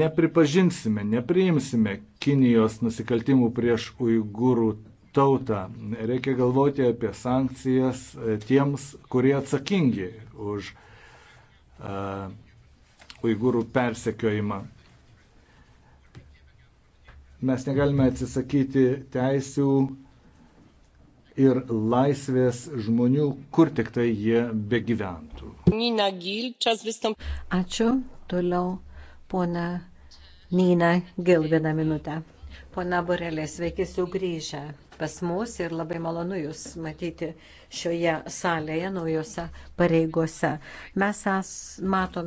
nepripažinsime, nepriimsime Kinijos nusikaltimų prieš uigūrų tautą. Reikia galvoti apie sankcijas tiems, kurie atsakingi už uh, uigūrų persekiojimą. Mes negalime atsisakyti teisių ir laisvės žmonių, kur tik tai jie begyventų. Nina Gil, čas visam. Ačiū. Toliau pona Nina Gil, vieną minutę. Pona Borelė, sveiki sugrįžę pas mus ir labai malonu Jūs matyti šioje salėje naujose pareigose. Mes esame matome.